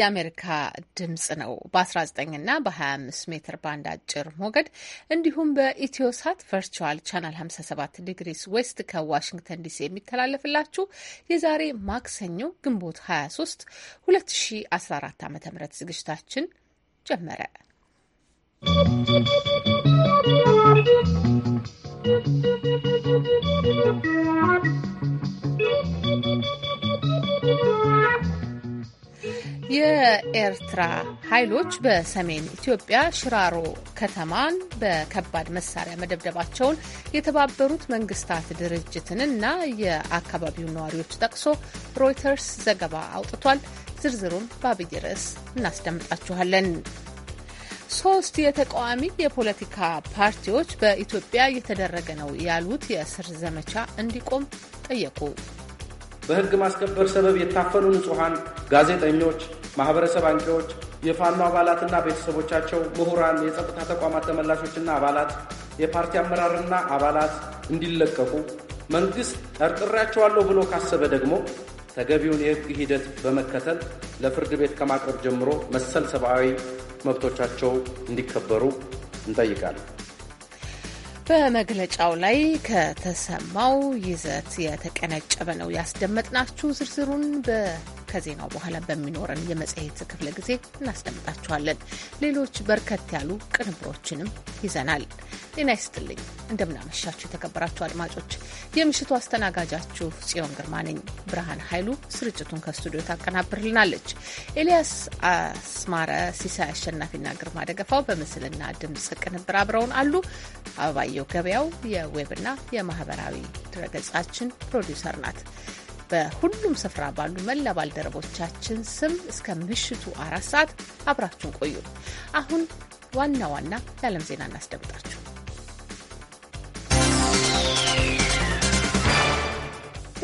የአሜሪካ ድምጽ ነው። በ19 እና በ25 ሜትር ባንድ አጭር ሞገድ እንዲሁም በኢትዮሳት ቨርቹዋል ቻናል 57 ዲግሪስ ዌስት ከዋሽንግተን ዲሲ የሚተላለፍላችሁ የዛሬ ማክሰኞ ግንቦት 23 2014 ዓ ም ዝግጅታችን ጀመረ። ¶¶ የኤርትራ ኃይሎች በሰሜን ኢትዮጵያ ሽራሮ ከተማን በከባድ መሳሪያ መደብደባቸውን የተባበሩት መንግስታት ድርጅትን እና የአካባቢው ነዋሪዎች ጠቅሶ ሮይተርስ ዘገባ አውጥቷል። ዝርዝሩን በአብይ ርዕስ እናስደምጣችኋለን። ሶስት የተቃዋሚ የፖለቲካ ፓርቲዎች በኢትዮጵያ እየተደረገ ነው ያሉት የእስር ዘመቻ እንዲቆም ጠየቁ። በህግ ማስከበር ሰበብ የታፈኑ ንጹሐን ጋዜጠኞች፣ ማህበረሰብ አንቂዎች፣ የፋኖ አባላትና ቤተሰቦቻቸው፣ ምሁራን፣ የጸጥታ ተቋማት ተመላሾችና አባላት፣ የፓርቲ አመራርና አባላት እንዲለቀቁ መንግሥት ጠርጥሬያቸዋለሁ ብሎ ካሰበ ደግሞ ተገቢውን የሕግ ሂደት በመከተል ለፍርድ ቤት ከማቅረብ ጀምሮ መሰል ሰብአዊ መብቶቻቸው እንዲከበሩ እንጠይቃለን። በመግለጫው ላይ ከተሰማው ይዘት የተቀነጨበ ነው ያስደመጥናችሁ። ዝርዝሩን ከዜናው በኋላ በሚኖረን የመጽሔት ክፍለ ጊዜ እናስደምጣችኋለን። ሌሎች በርከት ያሉ ቅንብሮችንም ይዘናል። ጤና ይስጥልኝ፣ እንደምናመሻችሁ የተከበራችሁ አድማጮች፣ የምሽቱ አስተናጋጃችሁ ጽዮን ግርማ ነኝ። ብርሃን ኃይሉ ስርጭቱን ከስቱዲዮ ታቀናብርልናለች። ኤልያስ አስማረ፣ ሲሳይ አሸናፊና ግርማ ደገፋው በምስልና ድምፅ ቅንብር አብረውን አሉ። አበባየ አበባየው ገበያው የዌብና የማህበራዊ ድረገጻችን ፕሮዲውሰር ናት። በሁሉም ስፍራ ባሉ መላ ባልደረቦቻችን ስም እስከ ምሽቱ አራት ሰዓት አብራችሁን ቆዩ። አሁን ዋና ዋና የዓለም ዜና እናስደምጣችሁ።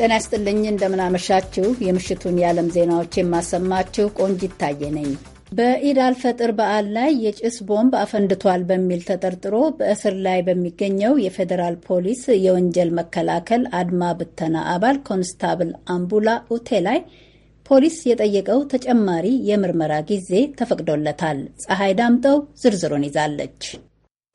ጤና ይስጥልኝ፣ እንደምናመሻችሁ። የምሽቱን የዓለም ዜናዎች የማሰማችሁ ቆንጅ ታየ ነኝ። በኢድ አልፈጥር በዓል ላይ የጭስ ቦምብ አፈንድቷል በሚል ተጠርጥሮ በእስር ላይ በሚገኘው የፌዴራል ፖሊስ የወንጀል መከላከል አድማ ብተና አባል ኮንስታብል አምቡላ ኡቴ ላይ ፖሊስ የጠየቀው ተጨማሪ የምርመራ ጊዜ ተፈቅዶለታል። ፀሐይ ዳምጠው ዝርዝሩን ይዛለች።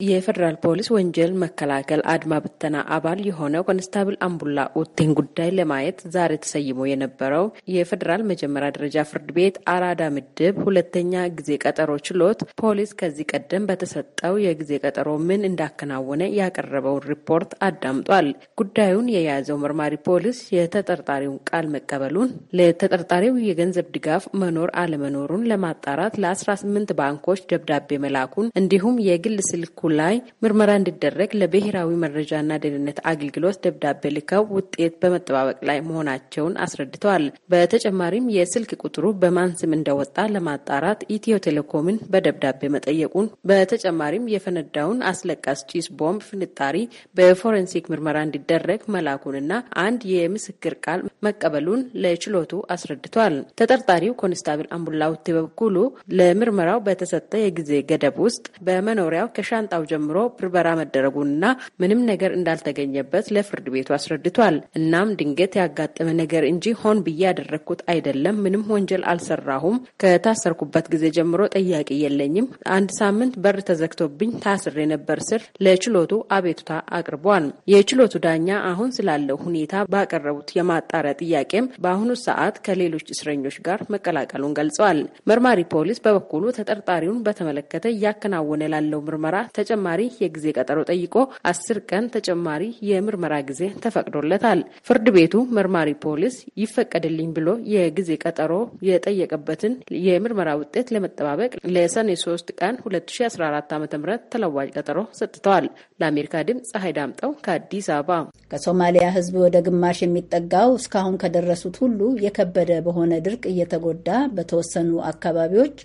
የፌዴራል ፖሊስ ወንጀል መከላከል አድማ ብተና አባል የሆነው ኮንስታብል አምቡላ ኦቴን ጉዳይ ለማየት ዛሬ ተሰይሞ የነበረው የፌዴራል መጀመሪያ ደረጃ ፍርድ ቤት አራዳ ምድብ ሁለተኛ ጊዜ ቀጠሮ ችሎት ፖሊስ ከዚህ ቀደም በተሰጠው የጊዜ ቀጠሮ ምን እንዳከናወነ ያቀረበውን ሪፖርት አዳምጧል። ጉዳዩን የያዘው መርማሪ ፖሊስ የተጠርጣሪውን ቃል መቀበሉን፣ ለተጠርጣሪው የገንዘብ ድጋፍ መኖር አለመኖሩን ለማጣራት ለ18 ባንኮች ደብዳቤ መላኩን እንዲሁም የግል ስልኩ ላይ ምርመራ እንዲደረግ ለብሔራዊ መረጃና ደህንነት አገልግሎት ደብዳቤ ልከው ውጤት በመጠባበቅ ላይ መሆናቸውን አስረድተዋል። በተጨማሪም የስልክ ቁጥሩ በማን ስም እንደወጣ ለማጣራት ኢትዮ ቴሌኮምን በደብዳቤ መጠየቁን፣ በተጨማሪም የፈነዳውን አስለቃስ ጭስ ቦምብ ፍንጣሪ በፎረንሲክ ምርመራ እንዲደረግ መላኩንና አንድ የምስክር ቃል መቀበሉን ለችሎቱ አስረድተዋል። ተጠርጣሪው ኮንስታብል አምቡላውቴ በበኩሉ ለምርመራው በተሰጠ የጊዜ ገደብ ውስጥ በመኖሪያው ከሻንጣ ከሻንጣው ጀምሮ ብርበራ መደረጉንና ምንም ነገር እንዳልተገኘበት ለፍርድ ቤቱ አስረድቷል። እናም ድንገት ያጋጠመ ነገር እንጂ ሆን ብዬ ያደረግኩት አይደለም፣ ምንም ወንጀል አልሰራሁም፣ ከታሰርኩበት ጊዜ ጀምሮ ጠያቂ የለኝም፣ አንድ ሳምንት በር ተዘግቶብኝ ታስሬ ነበር ስር ለችሎቱ አቤቱታ አቅርቧል። የችሎቱ ዳኛ አሁን ስላለው ሁኔታ ባቀረቡት የማጣሪያ ጥያቄም በአሁኑ ሰዓት ከሌሎች እስረኞች ጋር መቀላቀሉን ገልጸዋል። መርማሪ ፖሊስ በበኩሉ ተጠርጣሪውን በተመለከተ እያከናወነ ላለው ምርመራ ተጨማሪ የጊዜ ቀጠሮ ጠይቆ አስር ቀን ተጨማሪ የምርመራ ጊዜ ተፈቅዶለታል። ፍርድ ቤቱ መርማሪ ፖሊስ ይፈቀድልኝ ብሎ የጊዜ ቀጠሮ የጠየቀበትን የምርመራ ውጤት ለመጠባበቅ ለሰኔ 3 ቀን 2014 ዓ ም ተለዋጭ ቀጠሮ ሰጥተዋል። ለአሜሪካ ድምፅ ፀሐይ ዳምጠው ከአዲስ አበባ። ከሶማሊያ ህዝብ ወደ ግማሽ የሚጠጋው እስካሁን ከደረሱት ሁሉ የከበደ በሆነ ድርቅ እየተጎዳ በተወሰኑ አካባቢዎች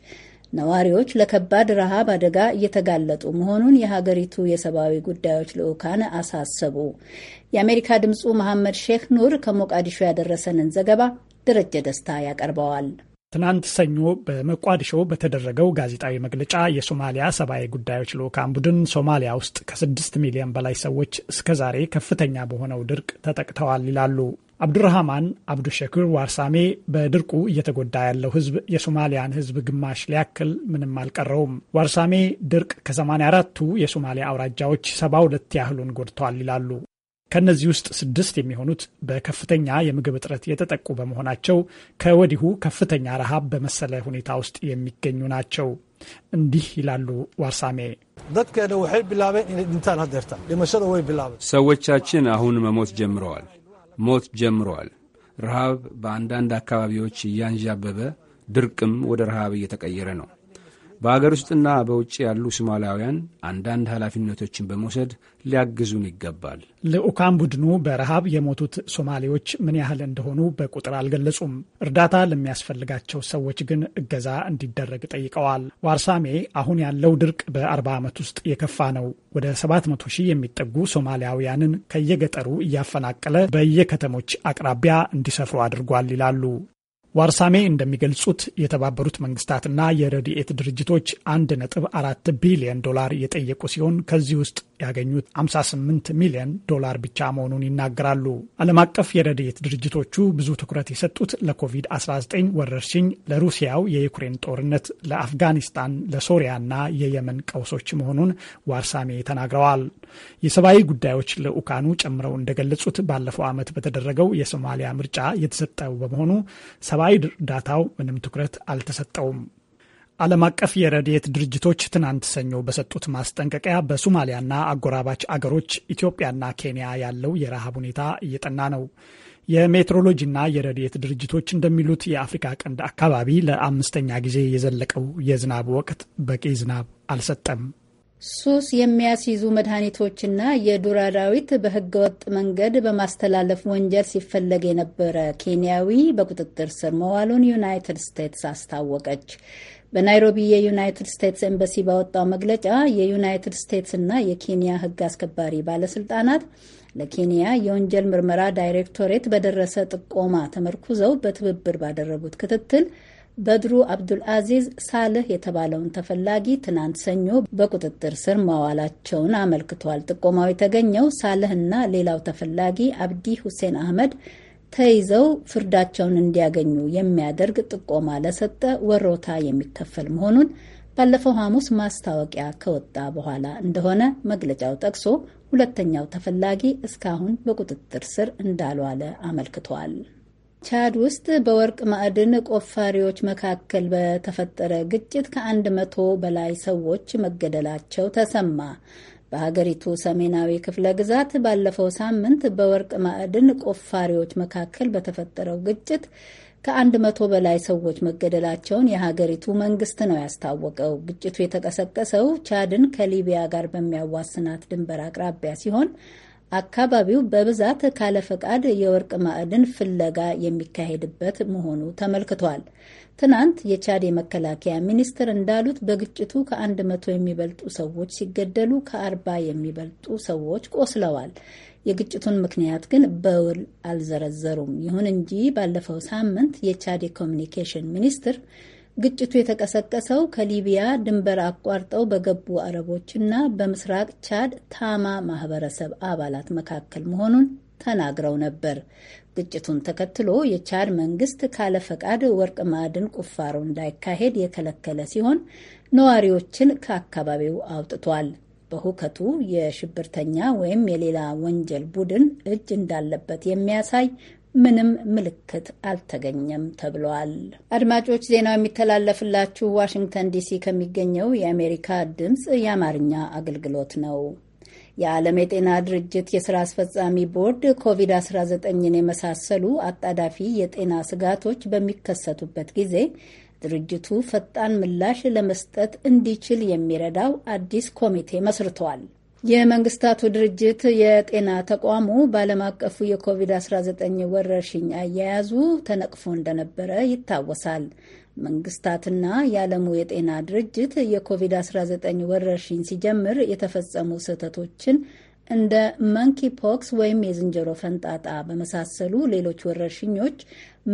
ነዋሪዎች ለከባድ ረሃብ አደጋ እየተጋለጡ መሆኑን የሀገሪቱ የሰብአዊ ጉዳዮች ልዑካን አሳሰቡ። የአሜሪካ ድምፁ መሐመድ ሼክ ኑር ከሞቃዲሾ ያደረሰንን ዘገባ ደረጀ ደስታ ያቀርበዋል። ትናንት ሰኞ በመቋዲሾ በተደረገው ጋዜጣዊ መግለጫ የሶማሊያ ሰብአዊ ጉዳዮች ልዑካን ቡድን ሶማሊያ ውስጥ ከስድስት ሚሊዮን በላይ ሰዎች እስከዛሬ ከፍተኛ በሆነው ድርቅ ተጠቅተዋል ይላሉ። አብዱራህማን አብዱሸኩር ዋርሳሜ በድርቁ እየተጎዳ ያለው ህዝብ የሶማሊያን ህዝብ ግማሽ ሊያክል ምንም አልቀረውም። ዋርሳሜ ድርቅ ከ84ቱ የሶማሊያ አውራጃዎች 72 ያህሉን ጎድተዋል ይላሉ። ከእነዚህ ውስጥ ስድስት የሚሆኑት በከፍተኛ የምግብ እጥረት የተጠቁ በመሆናቸው ከወዲሁ ከፍተኛ ረሃብ በመሰለ ሁኔታ ውስጥ የሚገኙ ናቸው። እንዲህ ይላሉ ዋርሳሜ። ሰዎቻችን አሁን መሞት ጀምረዋል። ሞት ጀምረዋል። ረሃብ በአንዳንድ አካባቢዎች እያንዣበበ ድርቅም ወደ ረሃብ እየተቀየረ ነው። በአገር ውስጥና በውጭ ያሉ ሶማሊያውያን አንዳንድ ኃላፊነቶችን በመውሰድ ሊያግዙን ይገባል። ልዑካን ቡድኑ በረሃብ የሞቱት ሶማሌዎች ምን ያህል እንደሆኑ በቁጥር አልገለጹም። እርዳታ ለሚያስፈልጋቸው ሰዎች ግን እገዛ እንዲደረግ ጠይቀዋል። ዋርሳሜ አሁን ያለው ድርቅ በ40 ዓመት ውስጥ የከፋ ነው። ወደ 700 ሺህ የሚጠጉ ሶማሊያውያንን ከየገጠሩ እያፈናቀለ በየከተሞች አቅራቢያ እንዲሰፍሩ አድርጓል ይላሉ። ዋርሳሜ እንደሚገልጹት የተባበሩት መንግስታትና የረድኤት ድርጅቶች 1.4 ቢሊዮን ዶላር የጠየቁ ሲሆን ከዚህ ውስጥ ያገኙት 58 ሚሊዮን ዶላር ብቻ መሆኑን ይናገራሉ። ዓለም አቀፍ የረድኤት ድርጅቶቹ ብዙ ትኩረት የሰጡት ለኮቪድ-19 ወረርሽኝ፣ ለሩሲያው የዩክሬን ጦርነት፣ ለአፍጋኒስታን፣ ለሶሪያና የየመን ቀውሶች መሆኑን ዋርሳሜ ተናግረዋል። የሰብአዊ ጉዳዮች ልዑካኑ ጨምረው እንደገለጹት ባለፈው ዓመት በተደረገው የሶማሊያ ምርጫ የተሰጠው በመሆኑ ሰብአዊ እርዳታው ምንም ትኩረት አልተሰጠውም። ዓለም አቀፍ የረድኤት ድርጅቶች ትናንት ሰኞ በሰጡት ማስጠንቀቂያ በሶማሊያና አጎራባች አገሮች ኢትዮጵያና ኬንያ ያለው የረሃብ ሁኔታ እየጠና ነው። የሜትሮሎጂና የረድኤት ድርጅቶች እንደሚሉት የአፍሪካ ቀንድ አካባቢ ለአምስተኛ ጊዜ የዘለቀው የዝናብ ወቅት በቂ ዝናብ አልሰጠም። ሱስ የሚያስይዙ መድኃኒቶችና የዱር አራዊት በህገወጥ መንገድ በማስተላለፍ ወንጀል ሲፈለግ የነበረ ኬንያዊ በቁጥጥር ስር መዋሉን ዩናይትድ ስቴትስ አስታወቀች። በናይሮቢ የዩናይትድ ስቴትስ ኤምባሲ ባወጣው መግለጫ የዩናይትድ ስቴትስና የኬንያ ሕግ አስከባሪ ባለስልጣናት ለኬንያ የወንጀል ምርመራ ዳይሬክቶሬት በደረሰ ጥቆማ ተመርኩዘው በትብብር ባደረጉት ክትትል በድሩ አብዱል አዚዝ ሳልህ የተባለውን ተፈላጊ ትናንት ሰኞ በቁጥጥር ስር ማዋላቸውን አመልክቷል። ጥቆማው የተገኘው ሳልህ እና ሌላው ተፈላጊ አብዲ ሁሴን አህመድ ተይዘው ፍርዳቸውን እንዲያገኙ የሚያደርግ ጥቆማ ለሰጠ ወሮታ የሚከፈል መሆኑን ባለፈው ሐሙስ ማስታወቂያ ከወጣ በኋላ እንደሆነ መግለጫው ጠቅሶ ሁለተኛው ተፈላጊ እስካሁን በቁጥጥር ስር እንዳልዋለ አመልክቷል። ቻድ ውስጥ በወርቅ ማዕድን ቆፋሪዎች መካከል በተፈጠረ ግጭት ከአንድ መቶ በላይ ሰዎች መገደላቸው ተሰማ። በሀገሪቱ ሰሜናዊ ክፍለ ግዛት ባለፈው ሳምንት በወርቅ ማዕድን ቆፋሪዎች መካከል በተፈጠረው ግጭት ከአንድ መቶ በላይ ሰዎች መገደላቸውን የሀገሪቱ መንግስት ነው ያስታወቀው። ግጭቱ የተቀሰቀሰው ቻድን ከሊቢያ ጋር በሚያዋስናት ድንበር አቅራቢያ ሲሆን አካባቢው በብዛት ካለፈቃድ የወርቅ ማዕድን ፍለጋ የሚካሄድበት መሆኑ ተመልክቷል። ትናንት የቻድ የመከላከያ ሚኒስትር እንዳሉት በግጭቱ ከአንድ መቶ የሚበልጡ ሰዎች ሲገደሉ ከአርባ የሚበልጡ ሰዎች ቆስለዋል። የግጭቱን ምክንያት ግን በውል አልዘረዘሩም። ይሁን እንጂ ባለፈው ሳምንት የቻድ የኮሚኒኬሽን ሚኒስትር ግጭቱ የተቀሰቀሰው ከሊቢያ ድንበር አቋርጠው በገቡ አረቦችና በምስራቅ ቻድ ታማ ማህበረሰብ አባላት መካከል መሆኑን ተናግረው ነበር። ግጭቱን ተከትሎ የቻድ መንግስት ካለ ፈቃድ ወርቅ ማዕድን ቁፋሮ እንዳይካሄድ የከለከለ ሲሆን ነዋሪዎችን ከአካባቢው አውጥቷል። በሁከቱ የሽብርተኛ ወይም የሌላ ወንጀል ቡድን እጅ እንዳለበት የሚያሳይ ምንም ምልክት አልተገኘም ተብሏል። አድማጮች ዜናው የሚተላለፍላችሁ ዋሽንግተን ዲሲ ከሚገኘው የአሜሪካ ድምፅ የአማርኛ አገልግሎት ነው። የዓለም የጤና ድርጅት የሥራ አስፈጻሚ ቦርድ ኮቪድ-19ን የመሳሰሉ አጣዳፊ የጤና ስጋቶች በሚከሰቱበት ጊዜ ድርጅቱ ፈጣን ምላሽ ለመስጠት እንዲችል የሚረዳው አዲስ ኮሚቴ መስርቷል። የመንግስታቱ ድርጅት የጤና ተቋሙ በዓለም አቀፉ የኮቪድ-19 ወረርሽኝ አያያዙ ተነቅፎ እንደነበረ ይታወሳል። መንግስታትና የዓለሙ የጤና ድርጅት የኮቪድ-19 ወረርሽኝ ሲጀምር የተፈጸሙ ስህተቶችን እንደ መንኪ ፖክስ ወይም የዝንጀሮ ፈንጣጣ በመሳሰሉ ሌሎች ወረርሽኞች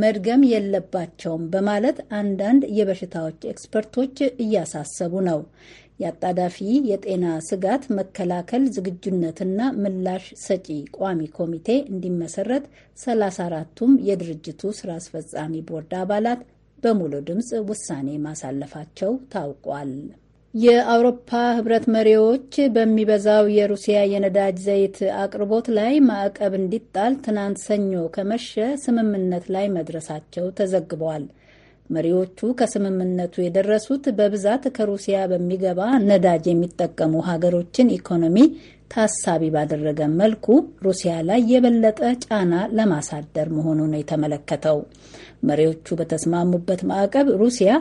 መድገም የለባቸውም በማለት አንዳንድ የበሽታዎች ኤክስፐርቶች እያሳሰቡ ነው። የአጣዳፊ የጤና ስጋት መከላከል ዝግጁነትና ምላሽ ሰጪ ቋሚ ኮሚቴ እንዲመሰረት 34ቱም የድርጅቱ ስራ አስፈጻሚ ቦርድ አባላት በሙሉ ድምፅ ውሳኔ ማሳለፋቸው ታውቋል። የአውሮፓ ህብረት መሪዎች በሚበዛው የሩሲያ የነዳጅ ዘይት አቅርቦት ላይ ማዕቀብ እንዲጣል ትናንት ሰኞ ከመሸ ስምምነት ላይ መድረሳቸው ተዘግቧል። መሪዎቹ ከስምምነቱ የደረሱት በብዛት ከሩሲያ በሚገባ ነዳጅ የሚጠቀሙ ሀገሮችን ኢኮኖሚ ታሳቢ ባደረገ መልኩ ሩሲያ ላይ የበለጠ ጫና ለማሳደር መሆኑ ነው የተመለከተው። መሪዎቹ በተስማሙበት ማዕቀብ ሩሲያ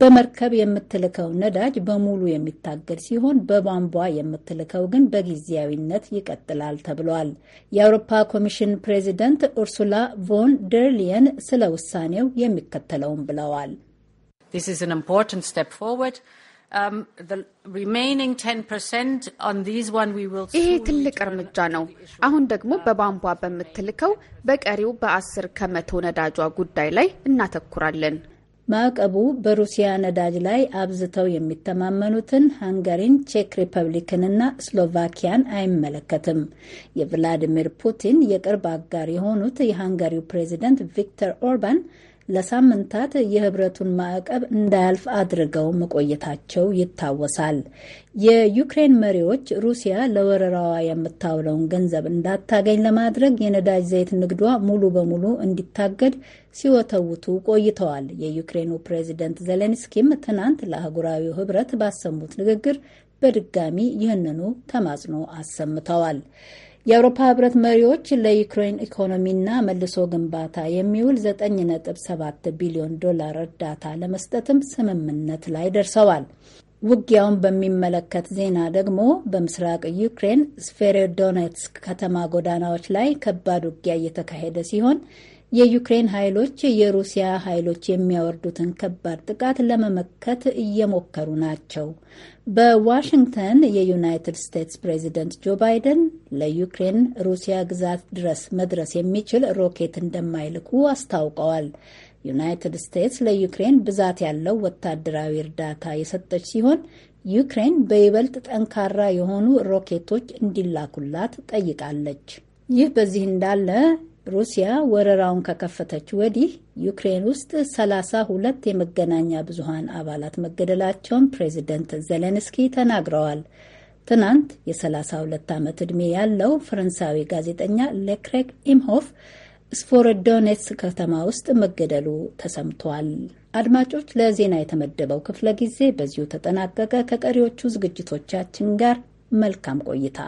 በመርከብ የምትልከው ነዳጅ በሙሉ የሚታገድ ሲሆን በቧንቧ የምትልከው ግን በጊዜያዊነት ይቀጥላል ተብሏል። የአውሮፓ ኮሚሽን ፕሬዚደንት ኡርሱላ ቮን ደርሊየን ስለ ውሳኔው የሚከተለውን ብለዋል። Um, ይሄ ትልቅ እርምጃ ነው። አሁን ደግሞ uh, በቧንቧ በምትልከው በቀሪው በአስር ከመቶ ነዳጇ ጉዳይ ላይ እናተኩራለን። ማዕቀቡ በሩሲያ ነዳጅ ላይ አብዝተው የሚተማመኑትን ሃንጋሪን፣ ቼክ ሪፐብሊክንና ስሎቫኪያን አይመለከትም። የቭላዲሚር ፑቲን የቅርብ አጋር የሆኑት የሃንጋሪው ፕሬዚደንት ቪክተር ኦርባን ለሳምንታት የህብረቱን ማዕቀብ እንዳያልፍ አድርገው መቆየታቸው ይታወሳል። የዩክሬን መሪዎች ሩሲያ ለወረራዋ የምታውለውን ገንዘብ እንዳታገኝ ለማድረግ የነዳጅ ዘይት ንግዷ ሙሉ በሙሉ እንዲታገድ ሲወተውቱ ቆይተዋል። የዩክሬኑ ፕሬዚደንት ዜሌንስኪም ትናንት ለአህጉራዊው ህብረት ባሰሙት ንግግር በድጋሚ ይህንኑ ተማጽኖ አሰምተዋል። የአውሮፓ ህብረት መሪዎች ለዩክሬን ኢኮኖሚና መልሶ ግንባታ የሚውል 9.7 ቢሊዮን ዶላር እርዳታ ለመስጠትም ስምምነት ላይ ደርሰዋል። ውጊያውን በሚመለከት ዜና ደግሞ በምስራቅ ዩክሬን ስፌሬዶኔትስክ ከተማ ጎዳናዎች ላይ ከባድ ውጊያ እየተካሄደ ሲሆን የዩክሬን ኃይሎች የሩሲያ ኃይሎች የሚያወርዱትን ከባድ ጥቃት ለመመከት እየሞከሩ ናቸው። በዋሽንግተን የዩናይትድ ስቴትስ ፕሬዚደንት ጆ ባይደን ለዩክሬን ሩሲያ ግዛት ድረስ መድረስ የሚችል ሮኬት እንደማይልኩ አስታውቀዋል። ዩናይትድ ስቴትስ ለዩክሬን ብዛት ያለው ወታደራዊ እርዳታ የሰጠች ሲሆን ዩክሬን በይበልጥ ጠንካራ የሆኑ ሮኬቶች እንዲላኩላት ጠይቃለች። ይህ በዚህ እንዳለ ሩሲያ ወረራውን ከከፈተች ወዲህ ዩክሬን ውስጥ ሰላሳ ሁለት የመገናኛ ብዙሃን አባላት መገደላቸውን ፕሬዚደንት ዘሌንስኪ ተናግረዋል። ትናንት የ32 ዓመት ዕድሜ ያለው ፈረንሳዊ ጋዜጠኛ ሌክሬክ ኢምሆፍ ስፎረዶኔትስ ከተማ ውስጥ መገደሉ ተሰምቷል። አድማጮች፣ ለዜና የተመደበው ክፍለ ጊዜ በዚሁ ተጠናቀቀ። ከቀሪዎቹ ዝግጅቶቻችን ጋር መልካም ቆይታ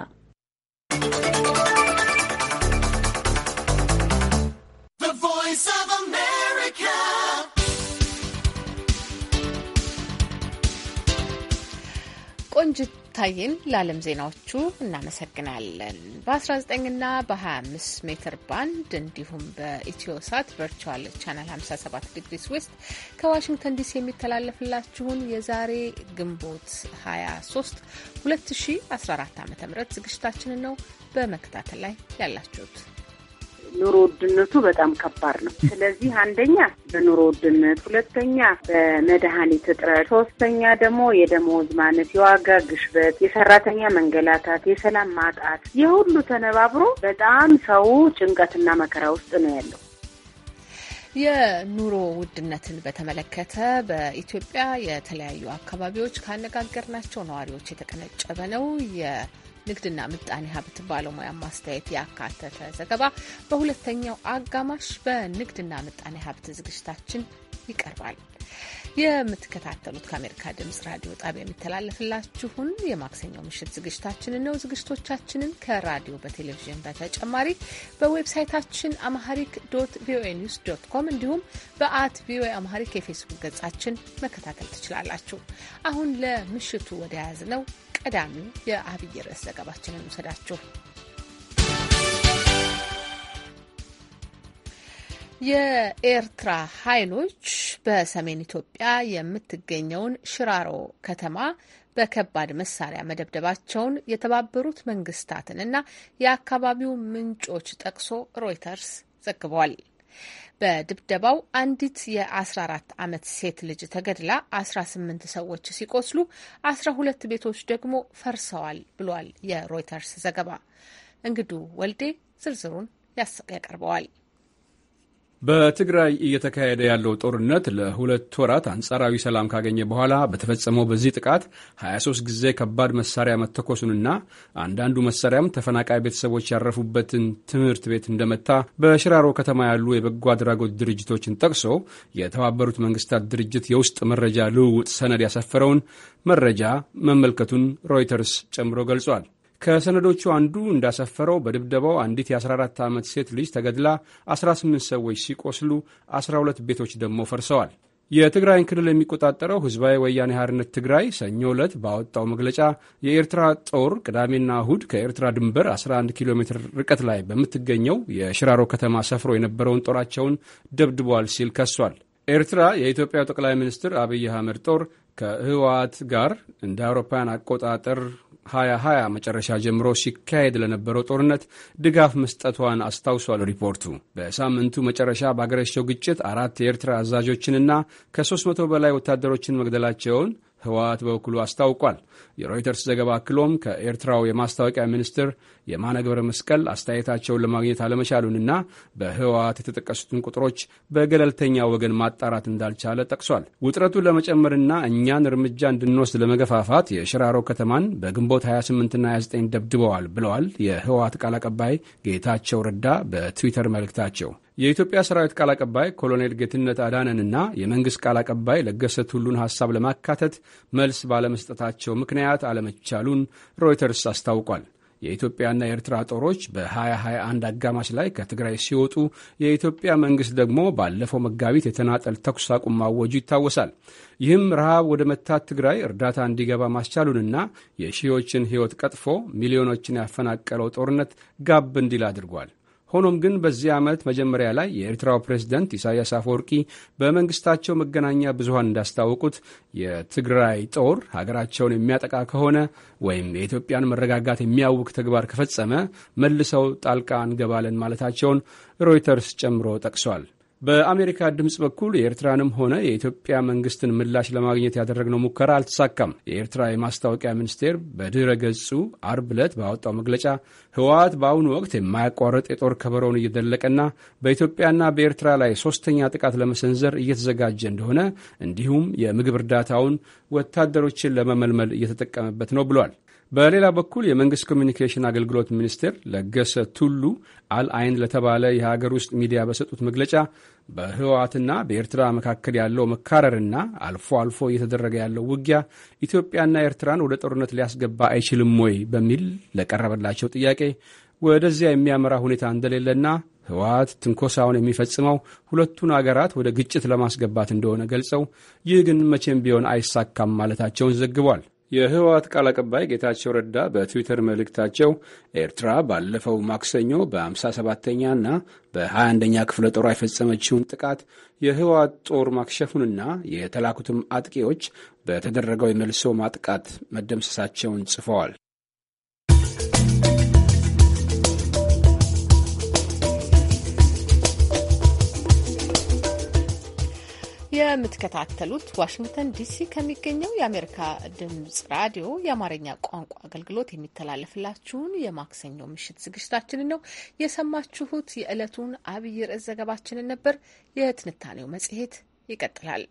ቆንጅት ታዬን ለዓለም ዜናዎቹ እናመሰግናለን። በ19ና በ25 ሜትር ባንድ እንዲሁም በኢትዮ ሳት ቨርቹዋል ቻናል 57 ዲግሪ ስዌስት ከዋሽንግተን ዲሲ የሚተላለፍላችሁን የዛሬ ግንቦት 23 2014 ዓ ም ዝግጅታችንን ነው በመከታተል ላይ ያላችሁት። ኑሮ ውድነቱ በጣም ከባድ ነው። ስለዚህ አንደኛ በኑሮ ውድነት፣ ሁለተኛ በመድኃኒት እጥረት፣ ሶስተኛ ደግሞ የደሞዝ ማነት፣ የዋጋ ግሽበት፣ የሰራተኛ መንገላታት፣ የሰላም ማጣት፣ የሁሉ ተነባብሮ በጣም ሰው ጭንቀትና መከራ ውስጥ ነው ያለው። የኑሮ ውድነትን በተመለከተ በኢትዮጵያ የተለያዩ አካባቢዎች ካነጋገርናቸው ነዋሪዎች የተቀነጨበ ነው። ንግድና ምጣኔ ሀብት ባለሙያ ማስተያየት ያካተተ ዘገባ በሁለተኛው አጋማሽ በንግድና ምጣኔ ሀብት ዝግጅታችን ይቀርባል። የምትከታተሉት ከአሜሪካ ድምጽ ራዲዮ ጣቢያ የሚተላለፍላችሁን የማክሰኞ ምሽት ዝግጅታችንን ነው። ዝግጅቶቻችንን ከራዲዮ በቴሌቪዥን በተጨማሪ በዌብሳይታችን አማሃሪክ ዶት ቪኦኤ ኒውስ ዶት ኮም እንዲሁም በአት ቪኦኤ አማሃሪክ የፌስቡክ ገጻችን መከታተል ትችላላችሁ። አሁን ለምሽቱ ወደ ያዝ ነው ቀዳሚው የአብይ ርዕስ ዘገባችንን ውሰዳችሁ። የኤርትራ ኃይሎች በሰሜን ኢትዮጵያ የምትገኘውን ሽራሮ ከተማ በከባድ መሳሪያ መደብደባቸውን የተባበሩት መንግስታትንና የአካባቢው ምንጮች ጠቅሶ ሮይተርስ ዘግቧል። በድብደባው አንዲት የ14 ዓመት ሴት ልጅ ተገድላ 18 ሰዎች ሲቆስሉ 12 ቤቶች ደግሞ ፈርሰዋል ብሏል የሮይተርስ ዘገባ። እንግዱ ወልዴ ዝርዝሩን ያቀርበዋል። በትግራይ እየተካሄደ ያለው ጦርነት ለሁለት ወራት አንጻራዊ ሰላም ካገኘ በኋላ በተፈጸመው በዚህ ጥቃት 23 ጊዜ ከባድ መሳሪያ መተኮሱንና አንዳንዱ መሳሪያም ተፈናቃይ ቤተሰቦች ያረፉበትን ትምህርት ቤት እንደመታ በሽራሮ ከተማ ያሉ የበጎ አድራጎት ድርጅቶችን ጠቅሶ የተባበሩት መንግስታት ድርጅት የውስጥ መረጃ ልውውጥ ሰነድ ያሰፈረውን መረጃ መመልከቱን ሮይተርስ ጨምሮ ገልጿል። ከሰነዶቹ አንዱ እንዳሰፈረው በድብደባው አንዲት የ14 ዓመት ሴት ልጅ ተገድላ 18 ሰዎች ሲቆስሉ 12 ቤቶች ደግሞ ፈርሰዋል። የትግራይን ክልል የሚቆጣጠረው ህዝባዊ ወያኔ ሓርነት ትግራይ ሰኞ ዕለት ባወጣው መግለጫ የኤርትራ ጦር ቅዳሜና እሁድ ከኤርትራ ድንበር 11 ኪሎ ሜትር ርቀት ላይ በምትገኘው የሽራሮ ከተማ ሰፍሮ የነበረውን ጦራቸውን ደብድበዋል ሲል ከሷል። ኤርትራ የኢትዮጵያ ጠቅላይ ሚኒስትር አብይ አህመድ ጦር ከህወሓት ጋር እንደ አውሮፓውያን አቆጣጠር 2020 መጨረሻ ጀምሮ ሲካሄድ ለነበረው ጦርነት ድጋፍ መስጠቷን አስታውሷል። ሪፖርቱ በሳምንቱ መጨረሻ በአገረሸው ግጭት አራት የኤርትራ አዛዦችንና ከ300 በላይ ወታደሮችን መግደላቸውን ህወሓት በበኩሉ አስታውቋል። የሮይተርስ ዘገባ አክሎም ከኤርትራው የማስታወቂያ ሚኒስትር የማነ ገብረ መስቀል አስተያየታቸውን ለማግኘት አለመቻሉንና በህወሓት የተጠቀሱትን ቁጥሮች በገለልተኛ ወገን ማጣራት እንዳልቻለ ጠቅሷል። ውጥረቱ ለመጨመርና እኛን እርምጃ እንድንወስድ ለመገፋፋት የሽራሮ ከተማን በግንቦት 28ና 29 ደብድበዋል ብለዋል የህወሓት ቃል አቀባይ ጌታቸው ረዳ በትዊተር መልእክታቸው። የኢትዮጵያ ሰራዊት ቃል አቀባይ ኮሎኔል ጌትነት አዳነንና የመንግሥት ቃል አቀባይ ለገሰ ቱሉን ሐሳብ ለማካተት መልስ ባለመስጠታቸው ምክንያት አለመቻሉን ሮይተርስ አስታውቋል። የኢትዮጵያና የኤርትራ ጦሮች በ2021 አጋማሽ ላይ ከትግራይ ሲወጡ የኢትዮጵያ መንግሥት ደግሞ ባለፈው መጋቢት የተናጠል ተኩስ አቁም ማወጁ ይታወሳል። ይህም ረሃብ ወደ መታት ትግራይ እርዳታ እንዲገባ ማስቻሉንና የሺዎችን ሕይወት ቀጥፎ ሚሊዮኖችን ያፈናቀለው ጦርነት ጋብ እንዲል አድርጓል። ሆኖም ግን በዚህ ዓመት መጀመሪያ ላይ የኤርትራው ፕሬዝደንት ኢሳያስ አፈወርቂ በመንግስታቸው መገናኛ ብዙሀን እንዳስታወቁት የትግራይ ጦር ሀገራቸውን የሚያጠቃ ከሆነ ወይም የኢትዮጵያን መረጋጋት የሚያውክ ተግባር ከፈጸመ መልሰው ጣልቃ እንገባለን ማለታቸውን ሮይተርስ ጨምሮ ጠቅሷል። በአሜሪካ ድምፅ በኩል የኤርትራንም ሆነ የኢትዮጵያ መንግስትን ምላሽ ለማግኘት ያደረግነው ሙከራ አልተሳካም። የኤርትራ የማስታወቂያ ሚኒስቴር በድረ ገጹ አርብ ዕለት ባወጣው መግለጫ ህወሓት በአሁኑ ወቅት የማያቋርጥ የጦር ከበሮውን እየደለቀና በኢትዮጵያና በኤርትራ ላይ ሶስተኛ ጥቃት ለመሰንዘር እየተዘጋጀ እንደሆነ እንዲሁም የምግብ እርዳታውን ወታደሮችን ለመመልመል እየተጠቀመበት ነው ብሏል። በሌላ በኩል የመንግስት ኮሚኒኬሽን አገልግሎት ሚኒስቴር ለገሰ ቱሉ አልአይን ለተባለ የሀገር ውስጥ ሚዲያ በሰጡት መግለጫ በህወሓትና በኤርትራ መካከል ያለው መካረርና አልፎ አልፎ እየተደረገ ያለው ውጊያ ኢትዮጵያና ኤርትራን ወደ ጦርነት ሊያስገባ አይችልም ወይ በሚል ለቀረበላቸው ጥያቄ ወደዚያ የሚያመራ ሁኔታ እንደሌለና ህወሓት ትንኮሳውን የሚፈጽመው ሁለቱን አገራት ወደ ግጭት ለማስገባት እንደሆነ ገልጸው ይህ ግን መቼም ቢሆን አይሳካም ማለታቸውን ዘግቧል። የህወሓት ቃል አቀባይ ጌታቸው ረዳ በትዊተር መልእክታቸው ኤርትራ ባለፈው ማክሰኞ በ57ኛ እና በ21ኛ ክፍለ ጦሯ የፈጸመችውን ጥቃት የህወሓት ጦር ማክሸፉንና የተላኩትም አጥቂዎች በተደረገው የመልሶ ማጥቃት መደምሰሳቸውን ጽፈዋል። የምትከታተሉት ዋሽንግተን ዲሲ ከሚገኘው የአሜሪካ ድምጽ ራዲዮ የአማርኛ ቋንቋ አገልግሎት የሚተላለፍላችሁን የማክሰኞ ምሽት ዝግጅታችንን ነው የሰማችሁት። የዕለቱን አብይ ርዕስ ዘገባችንን ነበር። የትንታኔው መጽሔት ይቀጥላል።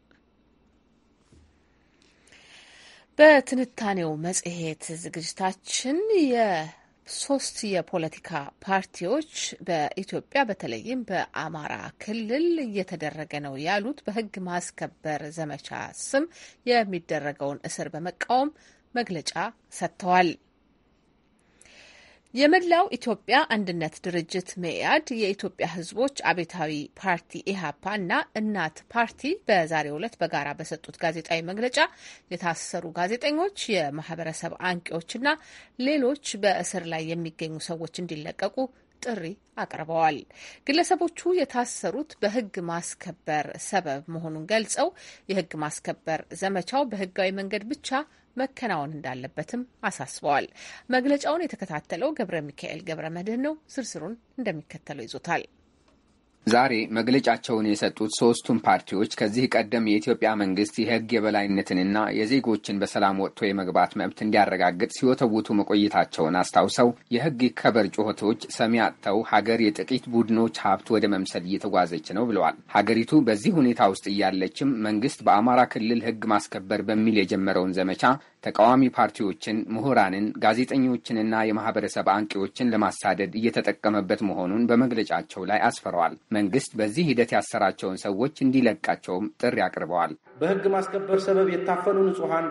በትንታኔው መጽሔት ዝግጅታችን ሶስት የፖለቲካ ፓርቲዎች በኢትዮጵያ በተለይም በአማራ ክልል እየተደረገ ነው ያሉት በሕግ ማስከበር ዘመቻ ስም የሚደረገውን እስር በመቃወም መግለጫ ሰጥተዋል። የመላው ኢትዮጵያ አንድነት ድርጅት መኢአድ፣ የኢትዮጵያ ሕዝቦች አብዮታዊ ፓርቲ ኢህአፓ እና እናት ፓርቲ በዛሬው ዕለት በጋራ በሰጡት ጋዜጣዊ መግለጫ የታሰሩ ጋዜጠኞች፣ የማህበረሰብ አንቂዎችና ሌሎች በእስር ላይ የሚገኙ ሰዎች እንዲለቀቁ ጥሪ አቅርበዋል። ግለሰቦቹ የታሰሩት በህግ ማስከበር ሰበብ መሆኑን ገልጸው የህግ ማስከበር ዘመቻው በህጋዊ መንገድ ብቻ መከናወን እንዳለበትም አሳስበዋል። መግለጫውን የተከታተለው ገብረ ሚካኤል ገብረ መድህን ነው። ዝርዝሩን እንደሚከተለው ይዞታል። ዛሬ መግለጫቸውን የሰጡት ሶስቱም ፓርቲዎች ከዚህ ቀደም የኢትዮጵያ መንግስት የህግ የበላይነትንና የዜጎችን በሰላም ወጥቶ የመግባት መብት እንዲያረጋግጥ ሲወተውቱ መቆየታቸውን አስታውሰው የህግ ይከበር ጩኸቶች ሰሚ አጥተው ሀገር የጥቂት ቡድኖች ሀብት ወደ መምሰል እየተጓዘች ነው ብለዋል። ሀገሪቱ በዚህ ሁኔታ ውስጥ እያለችም መንግስት በአማራ ክልል ህግ ማስከበር በሚል የጀመረውን ዘመቻ ተቃዋሚ ፓርቲዎችን፣ ምሁራንን፣ ጋዜጠኞችንና የማህበረሰብ አንቂዎችን ለማሳደድ እየተጠቀመበት መሆኑን በመግለጫቸው ላይ አስፍረዋል። መንግስት በዚህ ሂደት ያሰራቸውን ሰዎች እንዲለቃቸውም ጥሪ አቅርበዋል። በህግ ማስከበር ሰበብ የታፈኑ ንጹሐን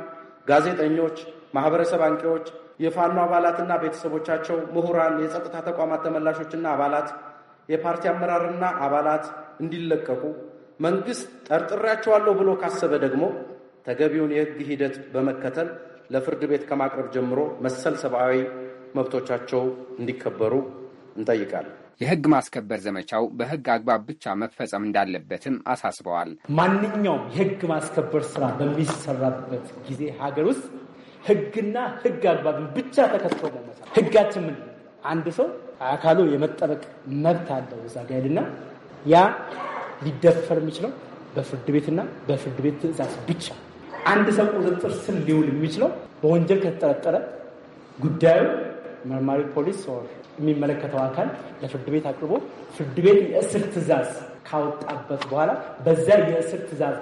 ጋዜጠኞች፣ ማህበረሰብ አንቂዎች፣ የፋኖ አባላትና ቤተሰቦቻቸው፣ ምሁራን፣ የጸጥታ ተቋማት ተመላሾችና አባላት፣ የፓርቲ አመራርና አባላት እንዲለቀቁ መንግስት ጠርጥሬያቸዋለሁ ብሎ ካሰበ ደግሞ ተገቢውን የህግ ሂደት በመከተል ለፍርድ ቤት ከማቅረብ ጀምሮ መሰል ሰብአዊ መብቶቻቸው እንዲከበሩ እንጠይቃለን። የህግ ማስከበር ዘመቻው በህግ አግባብ ብቻ መፈጸም እንዳለበትም አሳስበዋል። ማንኛውም የህግ ማስከበር ስራ በሚሰራበት ጊዜ ሀገር ውስጥ ህግና ህግ አግባብን ብቻ ተከትሎ ለመሳ ህጋችን ምን አንድ ሰው አካሉ የመጠበቅ መብት አለው እዛ ጋይድና ያ ሊደፈር የሚችለው በፍርድ ቤትና በፍርድ ቤት ትእዛዝ ብቻ። አንድ ሰው ቁጥጥር ስር ሊውል የሚችለው በወንጀል ከተጠረጠረ ጉዳዩ መርማሪ ፖሊስ የሚመለከተው አካል ለፍርድ ቤት አቅርቦ ፍርድ ቤት የእስር ትዕዛዝ ካወጣበት በኋላ በዛ የእስር ትእዛዝ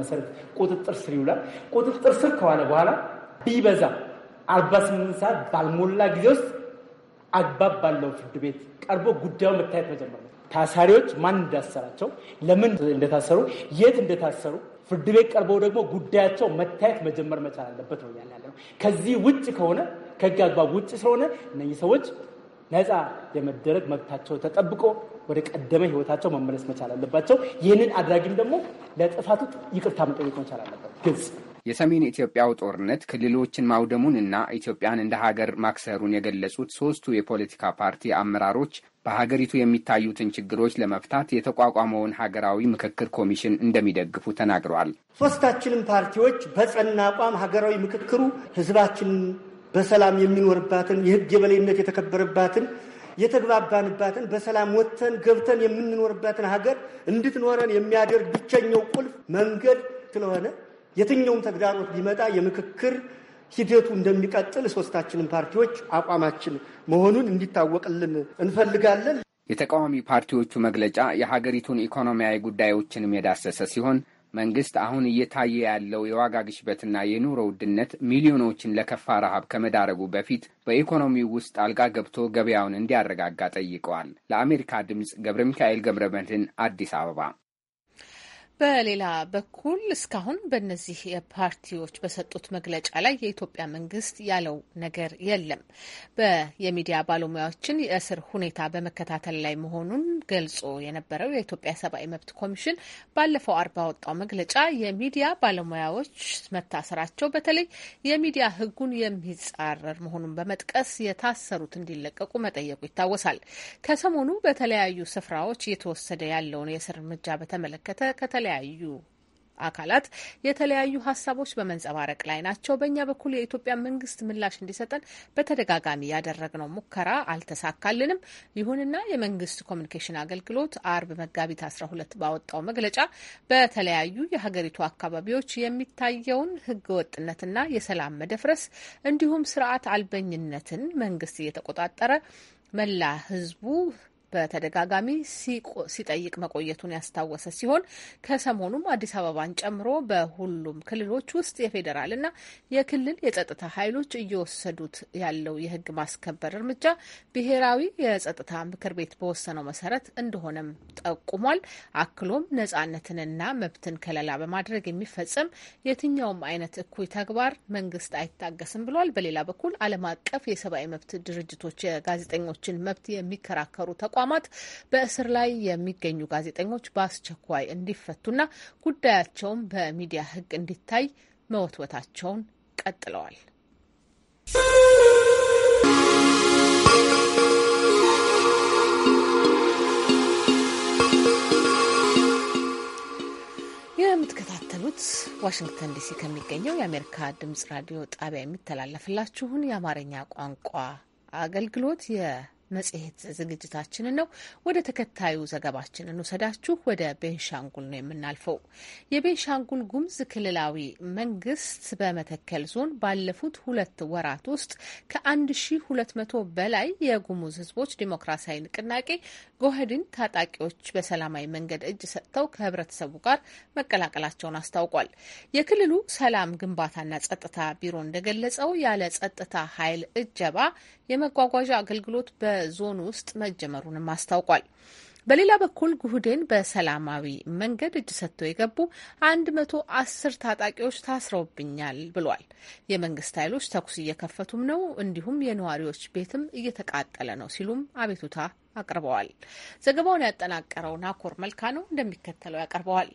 መሰረት ቁጥጥር ስር ይውላል። ቁጥጥር ስር ከዋለ በኋላ ቢበዛ ስምንት ሰዓት ባልሞላ ጊዜ ውስጥ አግባብ ባለው ፍርድ ቤት ቀርቦ ጉዳዩ መታየት መጀመር ነው። ታሳሪዎች ማን እንዳሰራቸው፣ ለምን እንደታሰሩ፣ የት እንደታሰሩ ፍርድ ቤት ቀርበው ደግሞ ጉዳያቸው መታየት መጀመር መቻል አለበት ነው ያለ ነው። ከዚህ ውጭ ከሆነ ከህግ አግባብ ውጭ ስለሆነ እነዚህ ሰዎች ነፃ የመደረግ መብታቸው ተጠብቆ ወደ ቀደመ ህይወታቸው መመለስ መቻል አለባቸው። ይህንን አድራጊም ደግሞ ለጥፋቱ ይቅርታ መጠየቅ መቻል አለበት። ግልጽ የሰሜን ኢትዮጵያው ጦርነት ክልሎችን ማውደሙን እና ኢትዮጵያን እንደ ሀገር ማክሰሩን የገለጹት ሶስቱ የፖለቲካ ፓርቲ አመራሮች በሀገሪቱ የሚታዩትን ችግሮች ለመፍታት የተቋቋመውን ሀገራዊ ምክክር ኮሚሽን እንደሚደግፉ ተናግረዋል። ሶስታችንም ፓርቲዎች በጸና አቋም ሀገራዊ ምክክሩ ህዝባችንን በሰላም የሚኖርባትን የህግ የበላይነት የተከበረባትን የተግባባንባትን በሰላም ወጥተን ገብተን የምንኖርባትን ሀገር እንድትኖረን የሚያደርግ ብቸኛው ቁልፍ መንገድ ስለሆነ የትኛውም ተግዳሮት ቢመጣ የምክክር ሂደቱ እንደሚቀጥል ሶስታችንም ፓርቲዎች አቋማችን መሆኑን እንዲታወቅልን እንፈልጋለን። የተቃዋሚ ፓርቲዎቹ መግለጫ የሀገሪቱን ኢኮኖሚያዊ ጉዳዮችንም የዳሰሰ ሲሆን መንግስት አሁን እየታየ ያለው የዋጋ ግሽበትና የኑሮ ውድነት ሚሊዮኖችን ለከፋ ረሃብ ከመዳረጉ በፊት በኢኮኖሚው ውስጥ አልጋ ገብቶ ገበያውን እንዲያረጋጋ ጠይቀዋል። ለአሜሪካ ድምፅ ገብረ ሚካኤል ገብረ መድህን አዲስ አበባ በሌላ በኩል እስካሁን በእነዚህ ፓርቲዎች በሰጡት መግለጫ ላይ የኢትዮጵያ መንግስት ያለው ነገር የለም። የሚዲያ ባለሙያዎችን የእስር ሁኔታ በመከታተል ላይ መሆኑን ገልጾ የነበረው የኢትዮጵያ ሰብአዊ መብት ኮሚሽን ባለፈው አርብ ባወጣው መግለጫ የሚዲያ ባለሙያዎች መታሰራቸው በተለይ የሚዲያ ሕጉን የሚጻረር መሆኑን በመጥቀስ የታሰሩት እንዲለቀቁ መጠየቁ ይታወሳል። ከሰሞኑ በተለያዩ ስፍራዎች እየተወሰደ ያለውን የእስር እርምጃ በተመለከተ የተለያዩ አካላት የተለያዩ ሀሳቦች በመንጸባረቅ ላይ ናቸው። በእኛ በኩል የኢትዮጵያ መንግስት ምላሽ እንዲሰጠን በተደጋጋሚ ያደረግነው ሙከራ አልተሳካልንም። ይሁንና የመንግስት ኮሚኒኬሽን አገልግሎት አርብ መጋቢት 12 ባወጣው መግለጫ በተለያዩ የሀገሪቱ አካባቢዎች የሚታየውን ህገወጥነትና የሰላም መደፍረስ እንዲሁም ስርዓት አልበኝነትን መንግስት እየተቆጣጠረ መላ ህዝቡ በተደጋጋሚ ሲጠይቅ መቆየቱን ያስታወሰ ሲሆን ከሰሞኑም አዲስ አበባን ጨምሮ በሁሉም ክልሎች ውስጥ የፌዴራልና የክልል የጸጥታ ኃይሎች እየወሰዱት ያለው የህግ ማስከበር እርምጃ ብሔራዊ የጸጥታ ምክር ቤት በወሰነው መሰረት እንደሆነም ጠቁሟል። አክሎም ነጻነትንና መብትን ከለላ በማድረግ የሚፈጸም የትኛውም አይነት እኩይ ተግባር መንግስት አይታገስም ብሏል። በሌላ በኩል ዓለም አቀፍ የሰብአዊ መብት ድርጅቶች የጋዜጠኞችን መብት የሚከራከሩ ተቋ ተቋማት በእስር ላይ የሚገኙ ጋዜጠኞች በአስቸኳይ እንዲፈቱና ጉዳያቸውም በሚዲያ ሕግ እንዲታይ መወትወታቸውን ቀጥለዋል። የምትከታተሉት ዋሽንግተን ዲሲ ከሚገኘው የአሜሪካ ድምጽ ራዲዮ ጣቢያ የሚተላለፍላችሁን የአማርኛ ቋንቋ አገልግሎት መጽሔት ዝግጅታችንን ነው። ወደ ተከታዩ ዘገባችን እንውሰዳችሁ። ወደ ቤንሻንጉል ነው የምናልፈው። የቤንሻንጉል ጉሙዝ ክልላዊ መንግስት በመተከል ዞን ባለፉት ሁለት ወራት ውስጥ ከ1200 በላይ የጉሙዝ ህዝቦች ዲሞክራሲያዊ ንቅናቄ ጎህድን ታጣቂዎች በሰላማዊ መንገድ እጅ ሰጥተው ከህብረተሰቡ ጋር መቀላቀላቸውን አስታውቋል። የክልሉ ሰላም ግንባታና ጸጥታ ቢሮ እንደገለጸው ያለ ጸጥታ ኃይል እጀባ የመጓጓዣ አገልግሎት በ በዞኑ ውስጥ መጀመሩንም አስታውቋል። በሌላ በኩል ጉህዴን በሰላማዊ መንገድ እጅ ሰጥተው የገቡ አንድ መቶ አስር ታጣቂዎች ታስረውብኛል ብሏል። የመንግስት ኃይሎች ተኩስ እየከፈቱም ነው፣ እንዲሁም የነዋሪዎች ቤትም እየተቃጠለ ነው ሲሉም አቤቱታ አቅርበዋል። ዘገባውን ያጠናቀረው ናኮር መልካ ነው፣ እንደሚከተለው ያቀርበዋል።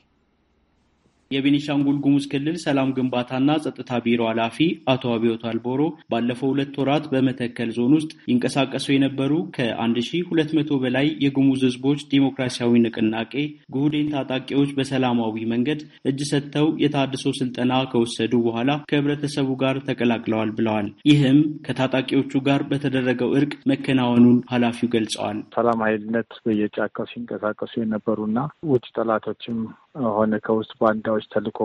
የቤኒሻንጉል ጉሙዝ ክልል ሰላም ግንባታና ጸጥታ ቢሮ ኃላፊ አቶ አብዮት አልቦሮ ባለፈው ሁለት ወራት በመተከል ዞን ውስጥ ይንቀሳቀሱ የነበሩ ከ1200 በላይ የጉሙዝ ህዝቦች ዲሞክራሲያዊ ንቅናቄ ጉህዴን ታጣቂዎች በሰላማዊ መንገድ እጅ ሰጥተው የታድሶ ስልጠና ከወሰዱ በኋላ ከህብረተሰቡ ጋር ተቀላቅለዋል ብለዋል። ይህም ከታጣቂዎቹ ጋር በተደረገው እርቅ መከናወኑን ኃላፊው ገልጸዋል። ሰላም ኃይልነት በየጫካው ሲንቀሳቀሱ የነበሩና ውጭ ጠላቶችም ሆነ ከውስጥ ባንዳዎች ተልኮ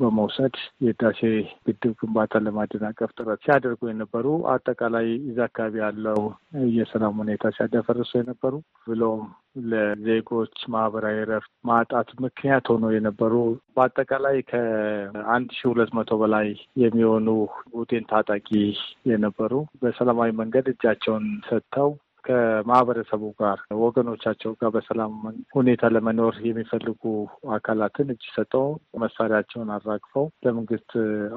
በመውሰድ የህዳሴ ግድብ ግንባታ ለማደናቀፍ ጥረት ሲያደርጉ የነበሩ አጠቃላይ እዛ አካባቢ ያለው የሰላም ሁኔታ ሲያደፈርሱ የነበሩ ብሎም ለዜጎች ማህበራዊ ረፍት ማጣት ምክንያት ሆኖ የነበሩ በአጠቃላይ ከአንድ ሺ ሁለት መቶ በላይ የሚሆኑ ቡድን ታጣቂ የነበሩ በሰላማዊ መንገድ እጃቸውን ሰጥተው ከማህበረሰቡ ጋር ወገኖቻቸው ጋር በሰላም ሁኔታ ለመኖር የሚፈልጉ አካላትን እጅ ሰጠው መሳሪያቸውን አራግፈው ለመንግስት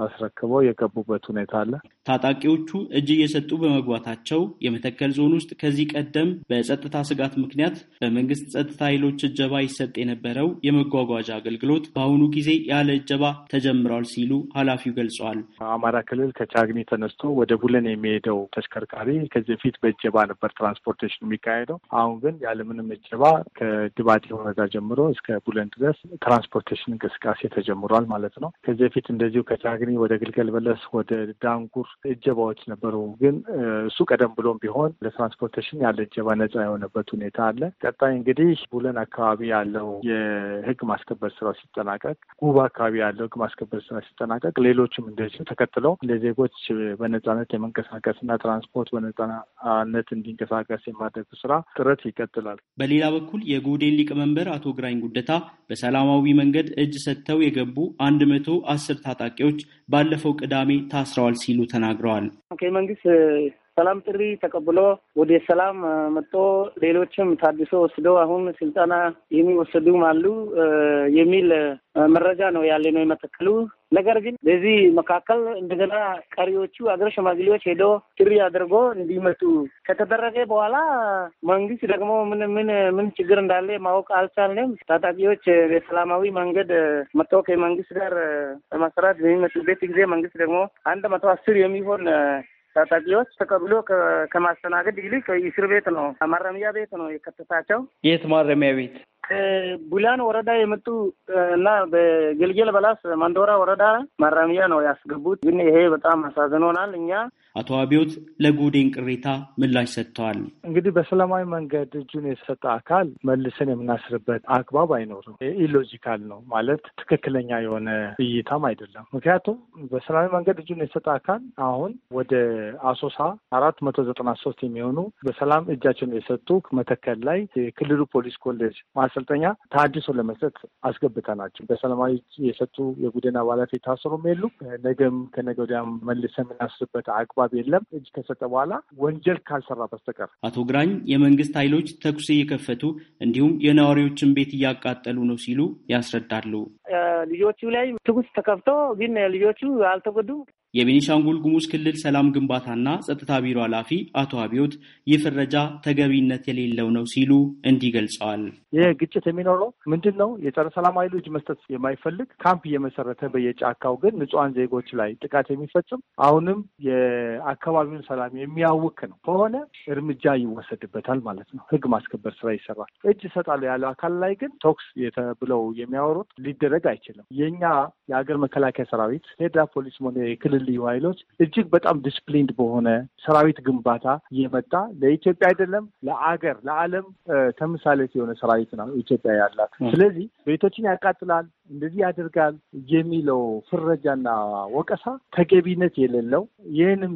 አስረክበው የገቡበት ሁኔታ አለ። ታጣቂዎቹ እጅ እየሰጡ በመግባታቸው የመተከል ዞን ውስጥ ከዚህ ቀደም በጸጥታ ስጋት ምክንያት በመንግስት ጸጥታ ኃይሎች እጀባ ይሰጥ የነበረው የመጓጓዣ አገልግሎት በአሁኑ ጊዜ ያለ እጀባ ተጀምሯል ሲሉ ኃላፊው ገልጸዋል። አማራ ክልል ከቻግኒ ተነስቶ ወደ ቡለን የሚሄደው ተሽከርካሪ ከዚህ በፊት በእጀባ ነበር ትራንስፖርቴሽን የሚካሄደው። አሁን ግን ያለምንም እጀባ ከድባቴ ወረዳ ጀምሮ እስከ ቡለን ድረስ ትራንስፖርቴሽን እንቅስቃሴ ተጀምሯል ማለት ነው። ከዚህ በፊት እንደዚሁ ከቻግኒ ወደ ግልገል በለስ ወደ ዳንጉር እጀባዎች ነበሩ። ግን እሱ ቀደም ብሎም ቢሆን ለትራንስፖርቴሽን ያለ እጀባ ነጻ የሆነበት ሁኔታ አለ። ቀጣይ እንግዲህ ቡለን አካባቢ ያለው የህግ ማስከበር ስራ ሲጠናቀቅ፣ ጉባ አካባቢ ያለው ህግ ማስከበር ስራ ሲጠናቀቅ፣ ሌሎችም እንደዚሁ ተከትለው ለዜጎች በነጻነት የመንቀሳቀስና ትራንስፖርት በነጻነት እንዲንቀሳቀስ እንዲንቀሳቀስ የማድረግ ስራ ጥረት ይቀጥላል። በሌላ በኩል የጉዴን ሊቀመንበር አቶ ግራኝ ጉደታ በሰላማዊ መንገድ እጅ ሰጥተው የገቡ አንድ መቶ አስር ታጣቂዎች ባለፈው ቅዳሜ ታስረዋል ሲሉ ተናግረዋል። መንግስት ሰላም ጥሪ ተቀብሎ ወደ ሰላም መጥቶ ሌሎችም ታድሶ ወስዶ አሁን ስልጠና የሚወሰዱም አሉ የሚል መረጃ ነው ያለ ነው የመተከሉ። ነገር ግን በዚህ መካከል እንደገና ቀሪዎቹ አገር ሽማግሌዎች ሄዶ ጥሪ አድርጎ እንዲመጡ ከተደረገ በኋላ መንግስት ደግሞ ምን ምን ምን ችግር እንዳለ ማወቅ አልቻለም። ታጣቂዎች በሰላማዊ መንገድ መጥቶ ከመንግስት ጋር ለማሰራት በሚመጡበት ጊዜ መንግስት ደግሞ አንድ መቶ አስር የሚሆን ታጣቂዎች ተቀብሎ ከማስተናገድ ይልቅ እስር ቤት ነው ማረሚያ ቤት ነው የከተታቸው። የት ማረሚያ ቤት? ከቡላን ወረዳ የመጡ እና በገልጌል በላስ ማንዶራ ወረዳ ማራሚያ ነው ያስገቡት። ግን ይሄ በጣም አሳዝኖናል። እኛ አቶ አብዮት ለጉዴን ቅሬታ ምላሽ ሰጥተዋል። እንግዲህ በሰላማዊ መንገድ እጁን የሰጠ አካል መልሰን የምናስርበት አግባብ አይኖርም። ኢሎጂካል ነው ማለት ትክክለኛ የሆነ እይታም አይደለም። ምክንያቱም በሰላማዊ መንገድ እጁን የሰጠ አካል አሁን ወደ አሶሳ አራት መቶ ዘጠና ሶስት የሚሆኑ በሰላም እጃቸውን የሰጡ መተከል ላይ የክልሉ ፖሊስ ኮሌጅ ማሰልጠኛ ታድሶ ለመስጠት አስገብተናቸው በሰላማዊ የሰጡ የቡድን አባላት የታሰሩም የሉም። ነገም ከነገ ወዲያም መልሰ የምናስርበት አግባብ የለም። እጅ ከሰጠ በኋላ ወንጀል ካልሰራ በስተቀር አቶ ግራኝ የመንግስት ኃይሎች ተኩስ እየከፈቱ እንዲሁም የነዋሪዎችን ቤት እያቃጠሉ ነው ሲሉ ያስረዳሉ። ልጆቹ ላይ ትኩስ ተከፍቶ ግን ልጆቹ አልተጎዱም። የቤኒሻንጉል ጉሙዝ ክልል ሰላም ግንባታና ጸጥታ ቢሮ ኃላፊ አቶ አብዮት ይህ ፍረጃ ተገቢነት የሌለው ነው ሲሉ እንዲህ ገልጸዋል። ይህ ግጭት የሚኖረው ምንድን ነው? የጸረ ሰላም ኃይሉ እጅ መስጠት የማይፈልግ ካምፕ እየመሰረተ በየጫካው ግን ንጹሐን ዜጎች ላይ ጥቃት የሚፈጽም አሁንም የአካባቢውን ሰላም የሚያውክ ነው ከሆነ እርምጃ ይወሰድበታል ማለት ነው። ህግ ማስከበር ስራ ይሰራል። እጅ እሰጣለሁ ያለው አካል ላይ ግን ቶክስ ብለው የሚያወሩት ሊደረግ አይችልም። የእኛ የሀገር መከላከያ ሰራዊት ፌዴራል ፖሊስ ሆነ የክልል ልዩ ኃይሎች እጅግ በጣም ዲስፕሊንድ በሆነ ሰራዊት ግንባታ እየመጣ ለኢትዮጵያ አይደለም ለአገር ለዓለም ተምሳሌት የሆነ ሰራዊት ነው ኢትዮጵያ ያላት። ስለዚህ ቤቶችን ያቃጥላል፣ እንደዚህ ያደርጋል የሚለው ፍረጃና ወቀሳ ተገቢነት የሌለው ይህንም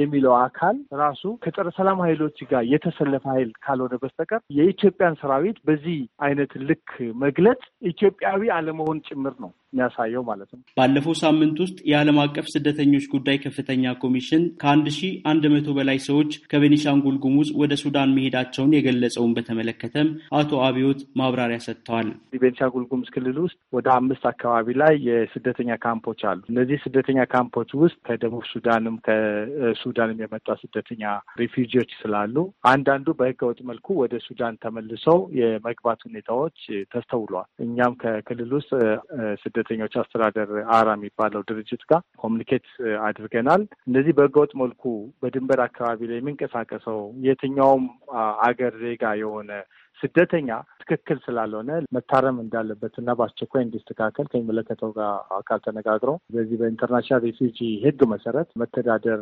የሚለው አካል ራሱ ከጸረ ሰላም ኃይሎች ጋር የተሰለፈ ኃይል ካልሆነ በስተቀር የኢትዮጵያን ሰራዊት በዚህ አይነት ልክ መግለጽ ኢትዮጵያዊ አለመሆን ጭምር ነው የሚያሳየው ማለት ነው። ባለፈው ሳምንት ውስጥ የዓለም አቀፍ ስደተኞች ጉዳይ ከፍተኛ ኮሚሽን ከአንድ ሺህ አንድ መቶ በላይ ሰዎች ከቤኒሻንጉል ጉሙዝ ወደ ሱዳን መሄዳቸውን የገለጸውን በተመለከተም አቶ አብዮት ማብራሪያ ሰጥተዋል። ቤኒሻንጉል ጉሙዝ ክልል ውስጥ ወደ አምስት አካባቢ ላይ የስደተኛ ካምፖች አሉ። እነዚህ ስደተኛ ካምፖች ውስጥ ከደቡብ ሱዳንም ከሱዳንም የመጣ ስደተኛ ሪፊውጂዎች ስላሉ አንዳንዱ በህገወጥ መልኩ ወደ ሱዳን ተመልሰው የመግባት ሁኔታዎች ተስተውሏል። እኛም ከክልል ውስጥ ስደተኞች አስተዳደር አራ የሚባለው ድርጅት ጋር ኮሚኒኬት አድርገናል። እነዚህ በህገወጥ መልኩ በድንበር አካባቢ ላይ የሚንቀሳቀሰው የትኛውም አገር ዜጋ የሆነ ስደተኛ ትክክል ስላልሆነ መታረም እንዳለበትና በአስቸኳይ እንዲስተካከል ከሚመለከተው ጋር አካል ተነጋግረው በዚህ በኢንተርናሽናል ሪፊውጂ ሕግ መሰረት መተዳደር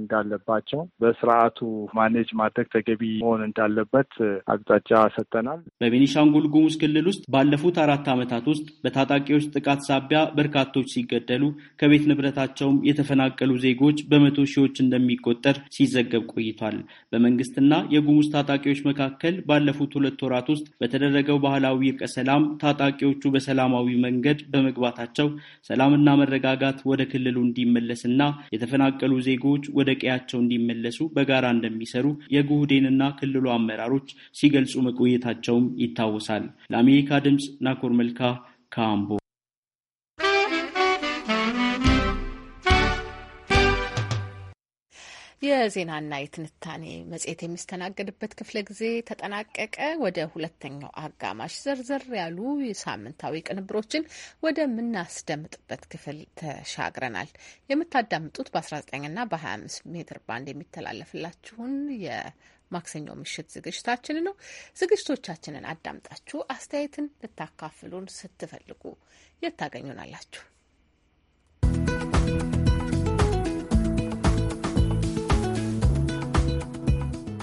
እንዳለባቸው በስርዓቱ ማኔጅ ማድረግ ተገቢ መሆን እንዳለበት አቅጣጫ ሰጠናል። በቤኒሻንጉል ጉሙዝ ክልል ውስጥ ባለፉት አራት ዓመታት ውስጥ በታጣቂዎች ጥቃት ሳቢያ በርካቶች ሲገደሉ ከቤት ንብረታቸውም የተፈናቀሉ ዜጎች በመቶ ሺዎች እንደሚቆጠር ሲዘገብ ቆይቷል። በመንግስትና የጉሙዝ ታጣቂዎች መካከል ባለፉት ሁለት ሁለት ወራት ውስጥ በተደረገው ባህላዊ እርቀ ሰላም ታጣቂዎቹ በሰላማዊ መንገድ በመግባታቸው ሰላምና መረጋጋት ወደ ክልሉ እንዲመለስና የተፈናቀሉ ዜጎች ወደ ቀያቸው እንዲመለሱ በጋራ እንደሚሰሩ የጉህዴንና ክልሉ አመራሮች ሲገልጹ መቆየታቸውም ይታወሳል። ለአሜሪካ ድምፅ ናኮር መልካ ካምቦ የዜናና የትንታኔ መጽሔት የሚስተናገድበት ክፍለ ጊዜ ተጠናቀቀ። ወደ ሁለተኛው አጋማሽ ዘርዘር ያሉ የሳምንታዊ ቅንብሮችን ወደምናስደምጥበት ክፍል ተሻግረናል። የምታዳምጡት በ19ና በ25 ሜትር ባንድ የሚተላለፍላችሁን የማክሰኞ ምሽት ዝግጅታችን ነው። ዝግጅቶቻችንን አዳምጣችሁ አስተያየትን ልታካፍሉን ስትፈልጉ የታገኙናላችሁ።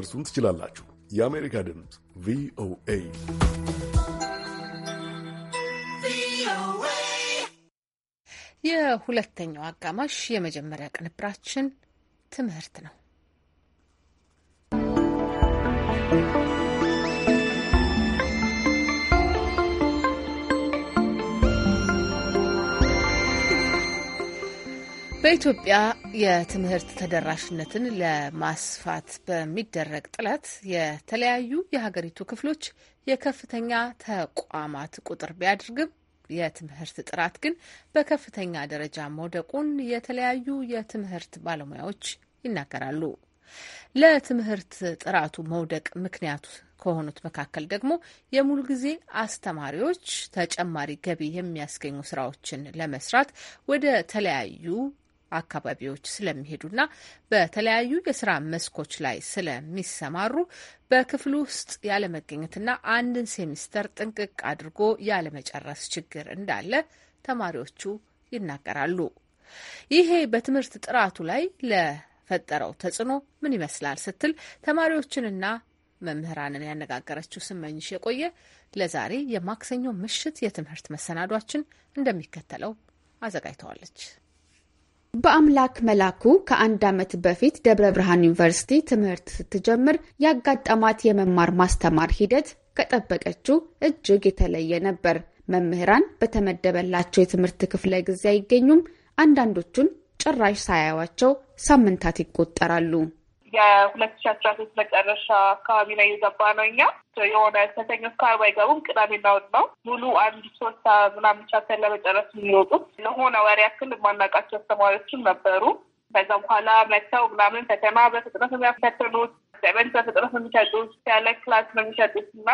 ልትደርሱን ትችላላችሁ። የአሜሪካ ድምፅ ቪኦኤ የሁለተኛው አጋማሽ የመጀመሪያ ቅንብራችን ትምህርት ነው። በኢትዮጵያ የትምህርት ተደራሽነትን ለማስፋት በሚደረግ ጥረት የተለያዩ የሀገሪቱ ክፍሎች የከፍተኛ ተቋማት ቁጥር ቢያድርግም የትምህርት ጥራት ግን በከፍተኛ ደረጃ መውደቁን የተለያዩ የትምህርት ባለሙያዎች ይናገራሉ። ለትምህርት ጥራቱ መውደቅ ምክንያቱ ከሆኑት መካከል ደግሞ የሙሉ ጊዜ አስተማሪዎች ተጨማሪ ገቢ የሚያስገኙ ስራዎችን ለመስራት ወደ ተለያዩ አካባቢዎች ስለሚሄዱና በተለያዩ የስራ መስኮች ላይ ስለሚሰማሩ በክፍሉ ውስጥ ያለመገኘትና አንድን ሴሚስተር ጥንቅቅ አድርጎ ያለመጨረስ ችግር እንዳለ ተማሪዎቹ ይናገራሉ። ይሄ በትምህርት ጥራቱ ላይ ለፈጠረው ተጽዕኖ ምን ይመስላል ስትል ተማሪዎችንና መምህራንን ያነጋገረችው ስመኝሽ የቆየ ለዛሬ የማክሰኞ ምሽት የትምህርት መሰናዷችን እንደሚከተለው አዘጋጅተዋለች። በአምላክ መላኩ ከአንድ ዓመት በፊት ደብረ ብርሃን ዩኒቨርሲቲ ትምህርት ስትጀምር ያጋጠማት የመማር ማስተማር ሂደት ከጠበቀችው እጅግ የተለየ ነበር። መምህራን በተመደበላቸው የትምህርት ክፍለ ጊዜ አይገኙም። አንዳንዶቹን ጭራሽ ሳያዩዋቸው ሳምንታት ይቆጠራሉ። የሁለት ሺ አስራ ሶስት መጨረሻ አካባቢ ላይ የገባ ነው። እኛ የሆነ ሰኞ እስከ ዓርብ አይገቡም። ቅዳሜ እሑድ ነው ሙሉ አንድ ሶስት ምናምን ቻፕተር ለመጨረስ የሚወጡት። ለሆነ ወር ያክል የማናውቃቸው አስተማሪዎችም ነበሩ። ከዛ በኋላ መተው ምናምን ፈተና በፍጥነት የሚያፈትኑት ዘመን በፍጥነት የሚሰጡት ያለ ክላስ ነው የሚሰጡት እና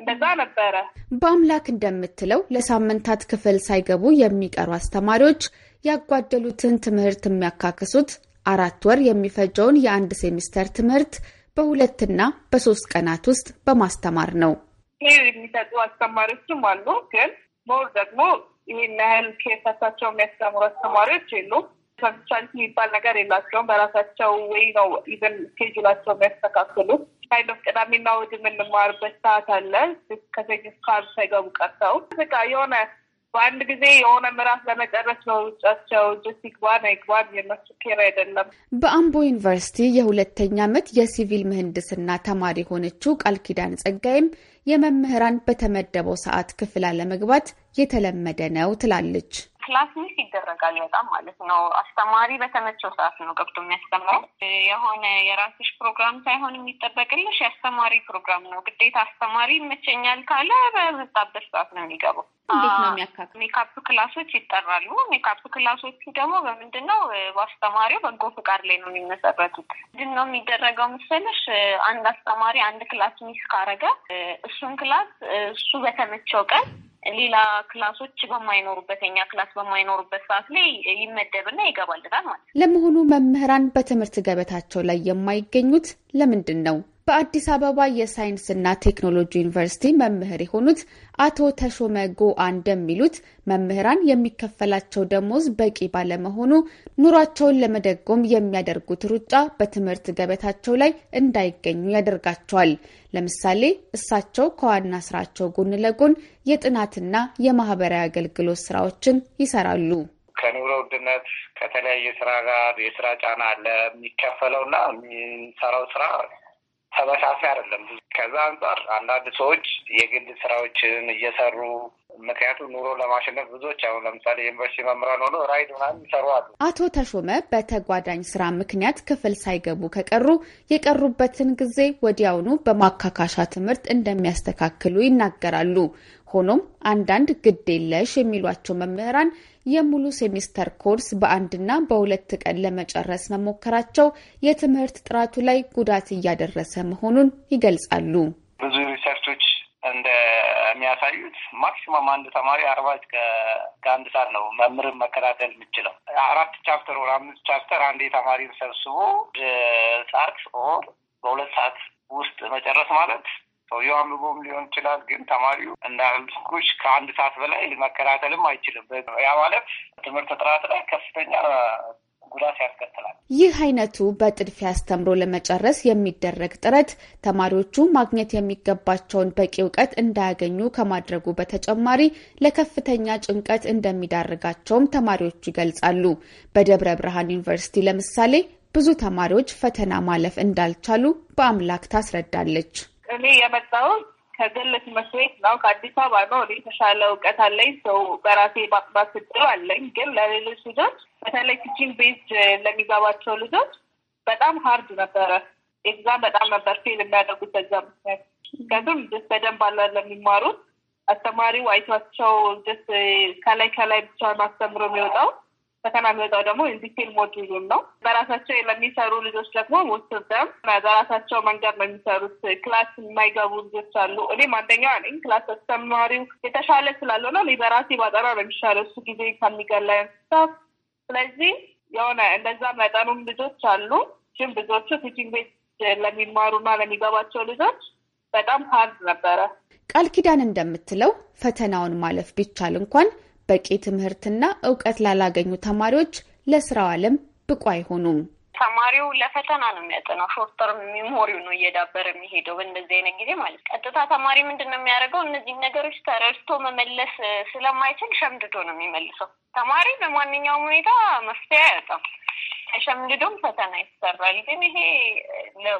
እንደዛ ነበረ። በአምላክ እንደምትለው ለሳምንታት ክፍል ሳይገቡ የሚቀሩ አስተማሪዎች ያጓደሉትን ትምህርት የሚያካክሱት አራት ወር የሚፈጀውን የአንድ ሴሚስተር ትምህርት በሁለትና በሶስት ቀናት ውስጥ በማስተማር ነው። የሚሰጡ አስተማሪዎችም አሉ፣ ግን ሞር ደግሞ ይህን ያህል ኬር የሚያስተምሩ አስተማሪዎች የሉም። ፐርቻልቲ የሚባል ነገር የላቸውም። በራሳቸው ወይ ነው ኢቨን ስኬጁላቸው የሚያስተካክሉት። ካይዶፍ ቅዳሜና እሑድ የምንማርበት ሰዓት አለ ከሴጅ ካር ሳይገቡ ቀርተው በቃ የሆነ በአንድ ጊዜ የሆነ ምዕራፍ ለመጨረስ ነው ውጫቸው እጅ ሲግባን አይግባን የነሱ ኬር አይደለም። በአምቦ ዩኒቨርሲቲ የሁለተኛ ዓመት የሲቪል ምህንድስና ተማሪ የሆነችው ቃል ኪዳን ጸጋይም የመምህራን በተመደበው ሰዓት ክፍል አለመግባት የተለመደ ነው ትላለች። ክላስ ሚስ ይደረጋል በጣም ማለት ነው። አስተማሪ በተመቸው ሰዓት ነው ገብቶ የሚያስተምረው። የሆነ የራስሽ ፕሮግራም ሳይሆን የሚጠበቅልሽ የአስተማሪ ፕሮግራም ነው ግዴታ። አስተማሪ ይመቸኛል ካለ በመጣበት ሰዓት ነው የሚገባው። ነው ሜካፕ ክላሶች ይጠራሉ። ሜካፕ ክላሶቹ ደግሞ በምንድን ነው በአስተማሪው በጎ ፍቃድ ላይ ነው የሚመሰረቱት። ምንድን ነው የሚደረገው መሰለሽ አንድ አስተማሪ አንድ ክላስ ሚስ ካረገ እሱን ክላስ እሱ በተመቸው ቀን ሌላ ክላሶች በማይኖሩበት የኛ ክላስ በማይኖሩበት ሰዓት ላይ ይመደብና ይገባልታል ማለት ነው። ለመሆኑ መምህራን በትምህርት ገበታቸው ላይ የማይገኙት ለምንድን ነው? በአዲስ አበባ የሳይንስና ቴክኖሎጂ ዩኒቨርሲቲ መምህር የሆኑት አቶ ተሾመ ጎአ እንደሚሉት መምህራን የሚከፈላቸው ደሞዝ በቂ ባለመሆኑ ኑሯቸውን ለመደጎም የሚያደርጉት ሩጫ በትምህርት ገበታቸው ላይ እንዳይገኙ ያደርጋቸዋል። ለምሳሌ እሳቸው ከዋና ስራቸው ጎን ለጎን የጥናትና የማህበራዊ አገልግሎት ስራዎችን ይሰራሉ። ከኑሮ ውድነት ከተለያየ ስራ ጋር የስራ ጫና አለ። የሚከፈለውና የሚሰራው ስራ ተመሳሳይ አይደለም። ከዛ አንጻር አንዳንድ ሰዎች የግል ስራዎችን እየሰሩ ምክንያቱም ኑሮ ለማሸነፍ ብዙዎች አሁን ለምሳሌ ዩኒቨርሲቲ መምህራን ሆኖ ራይድ ምናምን ይሰሩ አሉ። አቶ ተሾመ በተጓዳኝ ስራ ምክንያት ክፍል ሳይገቡ ከቀሩ የቀሩበትን ጊዜ ወዲያውኑ በማካካሻ ትምህርት እንደሚያስተካክሉ ይናገራሉ። ሆኖም አንዳንድ ግድ የለሽ የሚሏቸው መምህራን የሙሉ ሴሚስተር ኮርስ በአንድና በሁለት ቀን ለመጨረስ መሞከራቸው የትምህርት ጥራቱ ላይ ጉዳት እያደረሰ መሆኑን ይገልጻሉ። ብዙ ሪሰርቾች እንደሚያሳዩት ማክሲመም አንድ ተማሪ አርባ እስከ አንድ ሰዓት ነው መምህርን መከታተል የምችለው። አራት ቻፕተር ወር አምስት ቻፕተር አንዴ ተማሪን ሰብስቦ ሰዓት ኦር በሁለት ሰዓት ውስጥ መጨረስ ማለት ሰውየው አንብቦም ሊሆን ይችላል። ግን ተማሪው እና ከአንድ ሰዓት በላይ መከታተልም አይችልም። ያ ማለት ትምህርት ጥራት ላይ ከፍተኛ ጉዳት ያስከትላል። ይህ አይነቱ በጥድፊያ አስተምሮ ለመጨረስ የሚደረግ ጥረት ተማሪዎቹ ማግኘት የሚገባቸውን በቂ እውቀት እንዳያገኙ ከማድረጉ በተጨማሪ ለከፍተኛ ጭንቀት እንደሚዳርጋቸውም ተማሪዎቹ ይገልጻሉ። በደብረ ብርሃን ዩኒቨርሲቲ ለምሳሌ ብዙ ተማሪዎች ፈተና ማለፍ እንዳልቻሉ በአምላክ ታስረዳለች። እኔ የመጣሁት ከግል ትምህርት ቤት ነው። ከአዲስ አበባ ነው። እኔ የተሻለ እውቀት አለኝ። ሰው በራሴ ማጥናት እድል አለኝ። ግን ለሌሎች ልጆች በተለይ ኪችን ቤዝ ለሚገባቸው ልጆች በጣም ሀርድ ነበረ። ኤግዛም በጣም ነበር ፌል የሚያደርጉት በዛ ምክንያት። ምክንያቱም ደስ በደንብ አለ ለሚማሩት አስተማሪው አይቷቸው ደስ ከላይ ከላይ ብቻ ማስተምሮ የሚወጣው ፈተና የሚወጣው ደግሞ ኢንዲቴል ሞጁሉን ነው። በራሳቸው ለሚሰሩ ልጆች ደግሞ ውስብም በራሳቸው መንገድ ነው የሚሰሩት። ክላስ የማይገቡ ልጆች አሉ። እኔም አንደኛ ነኝ። ክላስ አስተማሪው የተሻለ ስላልሆነ እኔ በራሴ ባጠራ ነው እሱ ጊዜ ከሚገላ እንስሳት። ስለዚህ የሆነ እንደዛ መጠኑም ልጆች አሉ። ግን ብዙዎቹ ቲችንግ ቤት ለሚማሩና ለሚገባቸው ልጆች በጣም ሀርድ ነበረ። ቃል ኪዳን እንደምትለው ፈተናውን ማለፍ ቢቻል እንኳን በቂ ትምህርትና እውቀት ላላገኙ ተማሪዎች ለስራው ዓለም ብቁ አይሆኑም። ተማሪው ለፈተና ነው የሚያጠናው። ሾርተር ሚሞሪው ነው እየዳበረ የሚሄደው በእንደዚህ አይነት ጊዜ ማለት ቀጥታ ተማሪ ምንድን ነው የሚያደርገው? እነዚህ ነገሮች ተረድቶ መመለስ ስለማይችል ሸምድዶ ነው የሚመልሰው። ተማሪ በማንኛውም ሁኔታ መፍትሄ አያጣም። ተሸምድዶም ፈተና ይሰራል። ግን ይሄ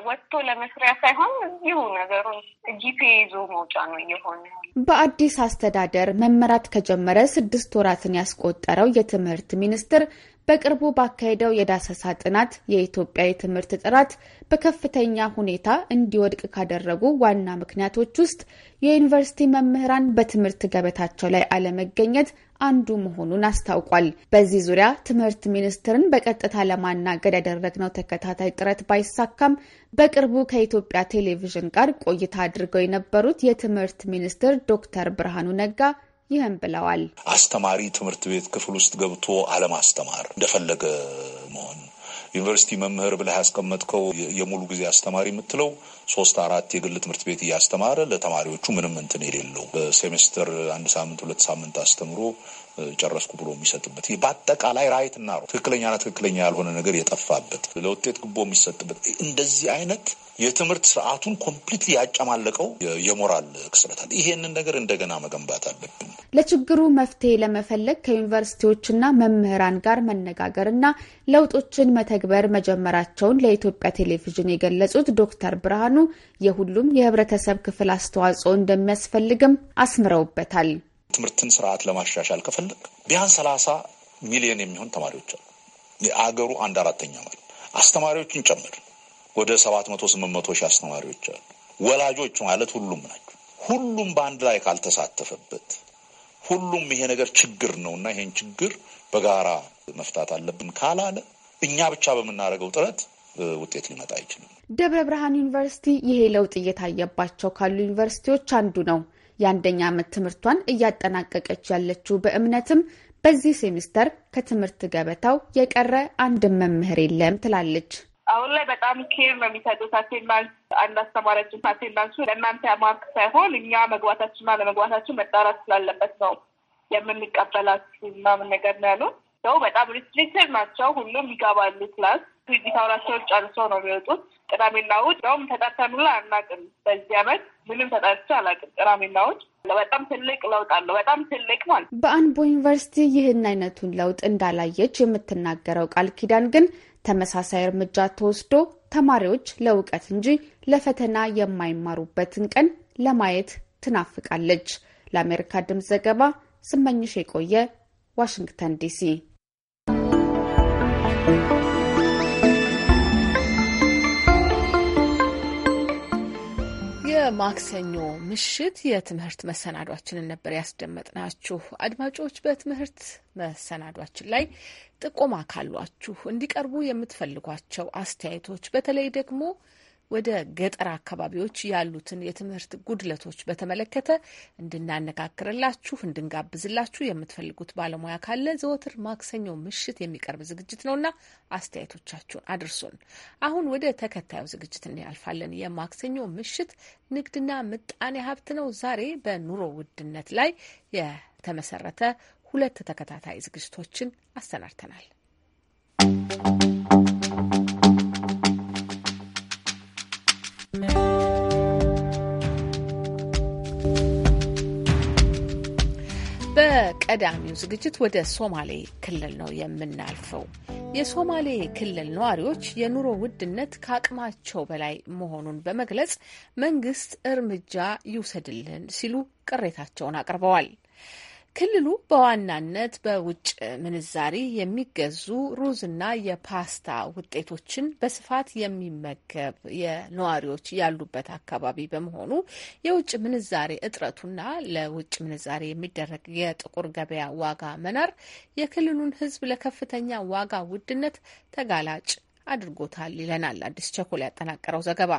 ወጥቶ ለመስሪያ ሳይሆን እዚሁ ነገሩን ጂፒ ይዞ መውጫ ነው እየሆነ በአዲስ አስተዳደር መመራት ከጀመረ ስድስት ወራትን ያስቆጠረው የትምህርት ሚኒስቴር በቅርቡ ባካሄደው የዳሰሳ ጥናት የኢትዮጵያ የትምህርት ጥራት በከፍተኛ ሁኔታ እንዲወድቅ ካደረጉ ዋና ምክንያቶች ውስጥ የዩኒቨርሲቲ መምህራን በትምህርት ገበታቸው ላይ አለመገኘት አንዱ መሆኑን አስታውቋል። በዚህ ዙሪያ ትምህርት ሚኒስትርን በቀጥታ ለማናገድ ያደረግነው ተከታታይ ጥረት ባይሳካም በቅርቡ ከኢትዮጵያ ቴሌቪዥን ጋር ቆይታ አድርገው የነበሩት የትምህርት ሚኒስትር ዶክተር ብርሃኑ ነጋ ይህም ብለዋል። አስተማሪ ትምህርት ቤት ክፍል ውስጥ ገብቶ አለማስተማር እንደፈለገ መሆን ዩኒቨርሲቲ መምህር ብለህ ያስቀመጥከው የሙሉ ጊዜ አስተማሪ የምትለው ሶስት አራት የግል ትምህርት ቤት እያስተማረ ለተማሪዎቹ ምንም እንትን የሌለው በሴሜስተር አንድ ሳምንት ሁለት ሳምንት አስተምሮ ጨረስኩ ብሎ የሚሰጥበት በአጠቃላይ ራይትና ትክክለኛና ትክክለኛ ያልሆነ ነገር የጠፋበት ለውጤት ግቦ የሚሰጥበት እንደዚህ አይነት የትምህርት ስርዓቱን ኮምፕሊት ያጨማለቀው የሞራል ክስለታል። ይሄንን ነገር እንደገና መገንባት አለብን። ለችግሩ መፍትሄ ለመፈለግ ከዩኒቨርሲቲዎችና መምህራን ጋር መነጋገር መነጋገርና ለውጦችን መተግበር መጀመራቸውን ለኢትዮጵያ ቴሌቪዥን የገለጹት ዶክተር ብርሃኑ የሁሉም የህብረተሰብ ክፍል አስተዋጽኦ እንደሚያስፈልግም አስምረውበታል። ትምህርትን ስርዓት ለማሻሻል ከፈለግ ቢያንስ ሰላሳ ሚሊዮን የሚሆን ተማሪዎች አሉ። የአገሩ አንድ አራተኛ ማለት አስተማሪዎችን ጨምር ወደ ሰባት መቶ ስምንት መቶ ሺህ አስተማሪዎች አሉ። ወላጆች ማለት ሁሉም ናቸው። ሁሉም በአንድ ላይ ካልተሳተፈበት ሁሉም ይሄ ነገር ችግር ነው እና ይሄን ችግር በጋራ መፍታት አለብን ካላለ እኛ ብቻ በምናደርገው ጥረት ውጤት ሊመጣ አይችልም። ደብረ ብርሃን ዩኒቨርሲቲ ይሄ ለውጥ እየታየባቸው ካሉ ዩኒቨርሲቲዎች አንዱ ነው። የአንደኛ ዓመት ትምህርቷን እያጠናቀቀች ያለችው በእምነትም በዚህ ሴሚስተር ከትምህርት ገበታው የቀረ አንድም መምህር የለም ትላለች። አሁን ላይ በጣም ኬር ነው የሚሰጡት። አቴንዳንስ አንድ አስተማሪያችን አቴንዳንሱ ለእናንተ ማርክ ሳይሆን እኛ መግባታችንና ለመግባታችን መጣራት ስላለበት ነው የምንቀበላት ምናምን ነገር ነው ያሉት። ሰው በጣም ሪስትሪክትድ ናቸው። ሁሉም ይገባሉ ክላስ ክሬዲት አውራቸውን ጨርሰው ነው የሚወጡት። ቅዳሜና እሑድ ያውም ተጠርተን ሁላ አናውቅም። በዚህ አመት ምንም ተጠርቼ አላውቅም። ቅዳሜና እሑድ በጣም ትልቅ ለውጥ አለው። በጣም ትልቅ ማለት ነው። በአንቦ ዩኒቨርሲቲ ይህን አይነቱን ለውጥ እንዳላየች የምትናገረው ቃል ኪዳን ግን ተመሳሳይ እርምጃ ተወስዶ ተማሪዎች ለእውቀት እንጂ ለፈተና የማይማሩበትን ቀን ለማየት ትናፍቃለች። ለአሜሪካ ድምፅ ዘገባ ስመኝሽ የቆየ ዋሽንግተን ዲሲ። የማክሰኞ ምሽት የትምህርት መሰናዷችንን ነበር ያስደመጥናችሁ። አድማጮች በትምህርት መሰናዷችን ላይ ጥቆማ ካሏችሁ እንዲቀርቡ የምትፈልጓቸው አስተያየቶች፣ በተለይ ደግሞ ወደ ገጠር አካባቢዎች ያሉትን የትምህርት ጉድለቶች በተመለከተ እንድናነጋግርላችሁ እንድንጋብዝላችሁ የምትፈልጉት ባለሙያ ካለ ዘወትር ማክሰኞ ምሽት የሚቀርብ ዝግጅት ነውና አስተያየቶቻችሁን አድርሱን። አሁን ወደ ተከታዩ ዝግጅት እናልፋለን። የማክሰኞ ምሽት ንግድና ምጣኔ ሀብት ነው። ዛሬ በኑሮ ውድነት ላይ የተመሰረተ ሁለት ተከታታይ ዝግጅቶችን አሰናድተናል። ቀዳሚው ዝግጅት ወደ ሶማሌ ክልል ነው የምናልፈው። የሶማሌ ክልል ነዋሪዎች የኑሮ ውድነት ከአቅማቸው በላይ መሆኑን በመግለጽ መንግስት እርምጃ ይውሰድልን ሲሉ ቅሬታቸውን አቅርበዋል። ክልሉ በዋናነት በውጭ ምንዛሪ የሚገዙ ሩዝና የፓስታ ውጤቶችን በስፋት የሚመገብ የነዋሪዎች ያሉበት አካባቢ በመሆኑ የውጭ ምንዛሬ እጥረቱና ለውጭ ምንዛሬ የሚደረግ የጥቁር ገበያ ዋጋ መናር የክልሉን ሕዝብ ለከፍተኛ ዋጋ ውድነት ተጋላጭ አድርጎታል ይለናል አዲስ ቸኮል ያጠናቀረው ዘገባ።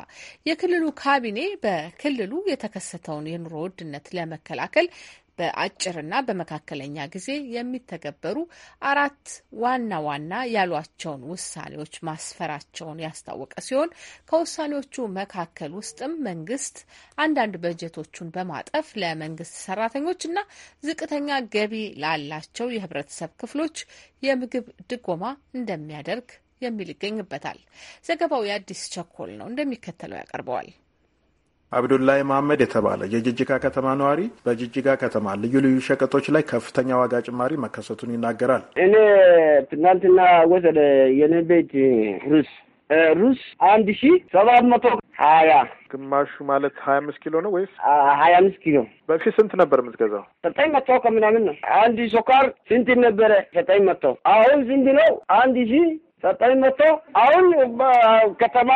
የክልሉ ካቢኔ በክልሉ የተከሰተውን የኑሮ ውድነት ለመከላከል በአጭርና በመካከለኛ ጊዜ የሚተገበሩ አራት ዋና ዋና ያሏቸውን ውሳኔዎች ማስፈራቸውን ያስታወቀ ሲሆን ከውሳኔዎቹ መካከል ውስጥም መንግስት አንዳንድ በጀቶቹን በማጠፍ ለመንግስት ሰራተኞች እና ዝቅተኛ ገቢ ላላቸው የህብረተሰብ ክፍሎች የምግብ ድጎማ እንደሚያደርግ የሚል ይገኝበታል። ዘገባው የአዲስ ቸኮል ነው፣ እንደሚከተለው ያቀርበዋል። አብዱላይ መሐመድ የተባለ የጅጅጋ ከተማ ነዋሪ በጅጅጋ ከተማ ልዩ ልዩ ሸቀጦች ላይ ከፍተኛ ዋጋ ጭማሪ መከሰቱን ይናገራል። እኔ ትናንትና ወሰደ የኔ ቤት ሩስ ሩዝ አንድ ሺ ሰባት መቶ ሀያ ግማሹ ማለት ሀያ አምስት ኪሎ ነው ወይስ ሀያ አምስት ኪሎ? በፊት ስንት ነበር የምትገዛው? ዘጠኝ መቶ ከምናምን ነው። አንድ ሶካር ስንት ነበረ? ዘጠኝ መቶ አሁን ስንት ነው? አንድ ሺ ዘጠኝ መቶ አሁን ከተማ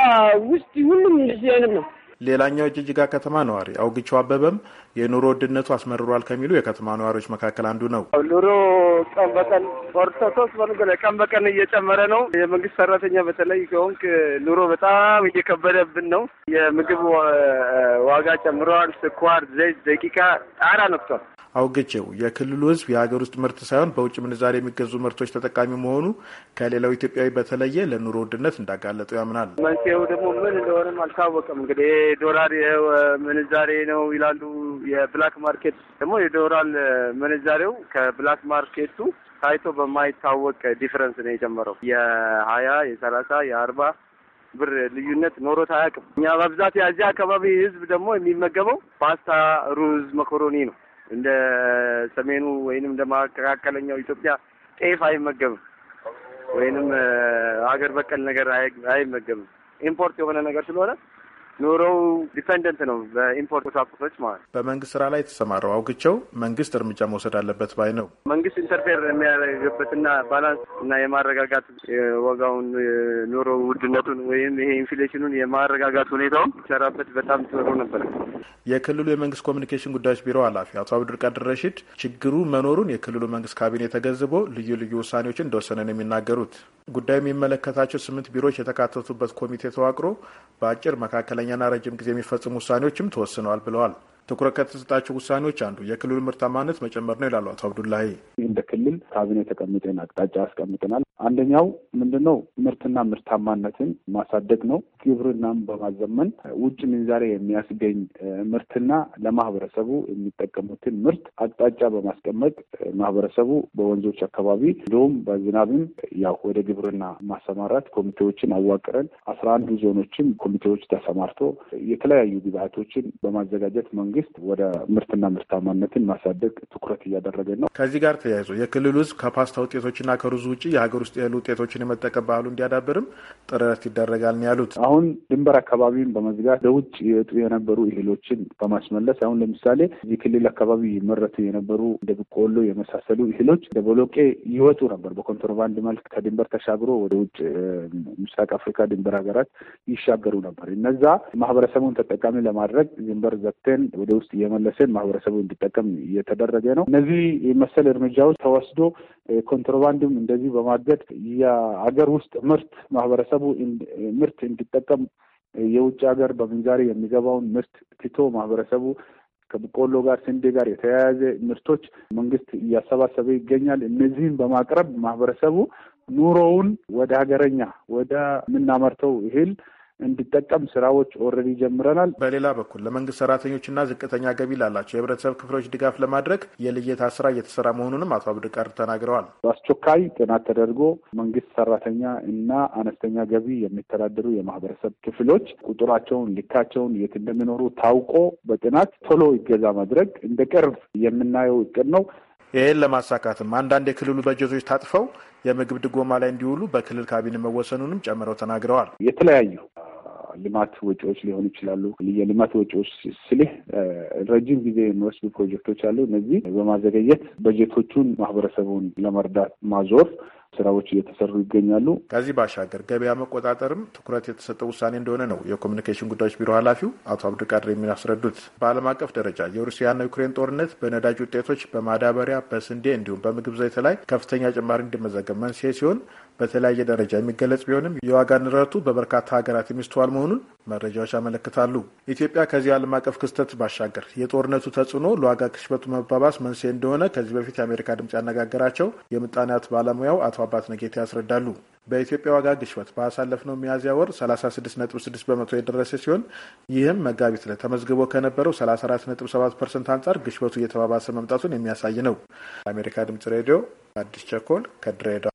ውስጥ ሁሉም እንደዚህ አይነት ነው። ሌላኛው የጅጅጋ ከተማ ነዋሪ አውግቸው አበበም የኑሮ ውድነቱ አስመርሯል ከሚሉ የከተማ ነዋሪዎች መካከል አንዱ ነው። ኑሮ ቀን በቀን ኦርቶዶክስ በንገ ቀን በቀን እየጨመረ ነው። የመንግስት ሰራተኛ በተለይ ከሆንክ ኑሮ በጣም እየከበደብን ነው። የምግብ ዋጋ ጨምረዋል። ስኳር፣ ዘይት፣ ደቂቃ ጣራ ነክቷል። አውግቼው የክልሉ ህዝብ የሀገር ውስጥ ምርት ሳይሆን በውጭ ምንዛሪ የሚገዙ ምርቶች ተጠቃሚ መሆኑ ከሌላው ኢትዮጵያዊ በተለየ ለኑሮ ውድነት እንዳጋለጠው ያምናል። መንስኤው ደግሞ ምን እንደሆነም አልታወቀም። እንግዲህ ዶላር ምንዛሬ ነው ይላሉ። የብላክ ማርኬት ደግሞ የዶላር ምንዛሬው ከብላክ ማርኬቱ ታይቶ በማይታወቅ ዲፍረንስ ነው የጀመረው። የሀያ የሰላሳ የአርባ ብር ልዩነት ኖሮት አያውቅም። እኛ በብዛት የዚህ አካባቢ ህዝብ ደግሞ የሚመገበው ፓስታ፣ ሩዝ፣ መኮሮኒ ነው። እንደ ሰሜኑ ወይንም እንደ መካከለኛው ኢትዮጵያ ጤፍ አይመገብም፣ ወይንም ሀገር በቀል ነገር አይመገብም። ኢምፖርት የሆነ ነገር ስለሆነ ኑሮው ዲፐንደንት ነው በኢምፖርት ቁሳቁሶች ማለት ነው። በመንግስት ስራ ላይ የተሰማረው አውግቸው መንግስት እርምጃ መውሰድ አለበት ባይ ነው። መንግስት ኢንተርፌር የሚያደርግበትና ባላንስ እና የማረጋጋት ዋጋውን ኑሮ ውድነቱን ወይም ይሄ ኢንፍሌሽኑን የማረጋጋት ሁኔታውን ሰራበት በጣም ጥሩ ነበር። የክልሉ የመንግስት ኮሚኒኬሽን ጉዳዮች ቢሮ ኃላፊ አቶ አብዱልቃድር ረሺድ ችግሩ መኖሩን የክልሉ መንግስት ካቢኔ ተገንዝቦ ልዩ ልዩ ውሳኔዎችን እንደወሰነ ነው የሚናገሩት። ጉዳዩ የሚመለከታቸው ስምንት ቢሮዎች የተካተቱበት ኮሚቴ ተዋቅሮ በአጭር መካከለኛ መካከለኛና ረጅም ጊዜ የሚፈጽሙ ውሳኔዎችም ተወስነዋል ብለዋል። ትኩረት ከተሰጣቸው ውሳኔዎች አንዱ የክልሉ ምርታማነት መጨመር ነው ይላሉ አቶ አብዱላሂ። እንደ ክልል ካቢኔ የተቀምጠን አቅጣጫ አስቀምጠናል። አንደኛው ምንድነው ምርትና ምርታማነትን ማሳደግ ነው። ግብርናም በማዘመን ውጭ ምንዛሬ የሚያስገኝ ምርትና ለማህበረሰቡ የሚጠቀሙትን ምርት አቅጣጫ በማስቀመጥ ማህበረሰቡ በወንዞች አካባቢ እንዲሁም በዝናብም ያው ወደ ግብርና ማሰማራት ኮሚቴዎችን አዋቅረን አስራ አንዱ ዞኖችም ኮሚቴዎች ተሰማርቶ የተለያዩ ግብአቶችን በማዘጋጀት መንግስት ወደ ምርትና ምርታማነትን ማሳደግ ትኩረት እያደረገ ነው። ከዚህ ጋር ተያይዞ የክልል ውስጥ ከፓስታ ውጤቶችና ከሩዝ ውጭ የሀገር ውስጥ ያሉ ውጤቶችን የመጠቀም ባህሉ እንዲያዳብርም ጥረት ይደረጋል ያሉት። አሁን ድንበር አካባቢን በመዝጋት ለውጭ የወጡ የነበሩ እህሎችን በማስመለስ አሁን ለምሳሌ እዚህ ክልል አካባቢ ይመረቱ የነበሩ እንደ ብቆሎ የመሳሰሉ እህሎች እንደ ቦሎቄ ይወጡ ነበር በኮንትሮባንድ መልክ ከድንበር ተሻግሮ ወደ ውጭ ምስራቅ አፍሪካ ድንበር ሀገራት ይሻገሩ ነበር። እነዛ ማህበረሰቡን ተጠቃሚ ለማድረግ ድንበር ዘግተን ወደ ውስጥ እየመለሰን ማህበረሰቡ እንዲጠቀም እየተደረገ ነው። እነዚህ መሰል እርምጃዎች ተወስዶ ኮንትሮባንድም እንደዚህ በማገድ ማለት የአገር ውስጥ ምርት ማህበረሰቡ ምርት እንዲጠቀም የውጭ ሀገር በምንዛሬ የሚገባውን ምርት ትቶ ማህበረሰቡ ከበቆሎ ጋር ስንዴ ጋር የተያያዘ ምርቶች መንግስት እያሰባሰበ ይገኛል። እነዚህን በማቅረብ ማህበረሰቡ ኑሮውን ወደ ሀገረኛ ወደ የምናመርተው እህል እንዲጠቀም ስራዎች ኦልሬዲ ጀምረናል። በሌላ በኩል ለመንግስት ሰራተኞችና ዝቅተኛ ገቢ ላላቸው የህብረተሰብ ክፍሎች ድጋፍ ለማድረግ የልየታ ስራ እየተሰራ መሆኑንም አቶ አብዱቃር ተናግረዋል። በአስቸኳይ ጥናት ተደርጎ መንግስት ሰራተኛ እና አነስተኛ ገቢ የሚተዳደሩ የማህበረሰብ ክፍሎች ቁጥራቸውን፣ ልካቸውን፣ የት እንደሚኖሩ ታውቆ በጥናት ቶሎ ይገዛ ማድረግ እንደ ቅርብ የምናየው እቅድ ነው። ይህን ለማሳካትም አንዳንድ የክልሉ በጀቶች ታጥፈው የምግብ ድጎማ ላይ እንዲውሉ በክልል ካቢኔ መወሰኑንም ጨምረው ተናግረዋል። የተለያዩ ልማት ወጪዎች ሊሆኑ ይችላሉ። የልማት ወጪዎች ስልህ ረጅም ጊዜ የሚወስዱ ፕሮጀክቶች አሉ። እነዚህ በማዘገየት በጀቶቹን ማህበረሰቡን ለመርዳት ማዞር ስራዎች እየተሰሩ ይገኛሉ። ከዚህ ባሻገር ገበያ መቆጣጠርም ትኩረት የተሰጠ ውሳኔ እንደሆነ ነው የኮሚኒኬሽን ጉዳዮች ቢሮ ኃላፊው አቶ አብዱልቃድር የሚያስረዱት። በዓለም አቀፍ ደረጃ የሩሲያና ዩክሬን ጦርነት በነዳጅ ውጤቶች፣ በማዳበሪያ፣ በስንዴ እንዲሁም በምግብ ዘይት ላይ ከፍተኛ ጭማሪ እንዲመዘገብ መንስኤ ሲሆን በተለያየ ደረጃ የሚገለጽ ቢሆንም የዋጋ ንረቱ በበርካታ ሀገራት የሚስተዋል መሆኑን መረጃዎች ያመለክታሉ። ኢትዮጵያ ከዚህ ዓለም አቀፍ ክስተት ባሻገር የጦርነቱ ተጽዕኖ ለዋጋ ግሽበቱ መባባስ መንስኤ እንደሆነ ከዚህ በፊት የአሜሪካ ድምፅ ያነጋገራቸው የምጣኔ ሀብት ባለሙያው አቶ አባት ነጌት ያስረዳሉ። በኢትዮጵያ ዋጋ ግሽበት ባሳለፍነው ሚያዝያ ወር 36.6 በመቶ የደረሰ ሲሆን ይህም መጋቢት ላይ ተመዝግቦ ከነበረው 34.7 ፐርሰንት አንጻር ግሽበቱ እየተባባሰ መምጣቱን የሚያሳይ ነው። ለአሜሪካ ድምጽ ሬዲዮ አዲስ ቸኮል ከድሬዳዋ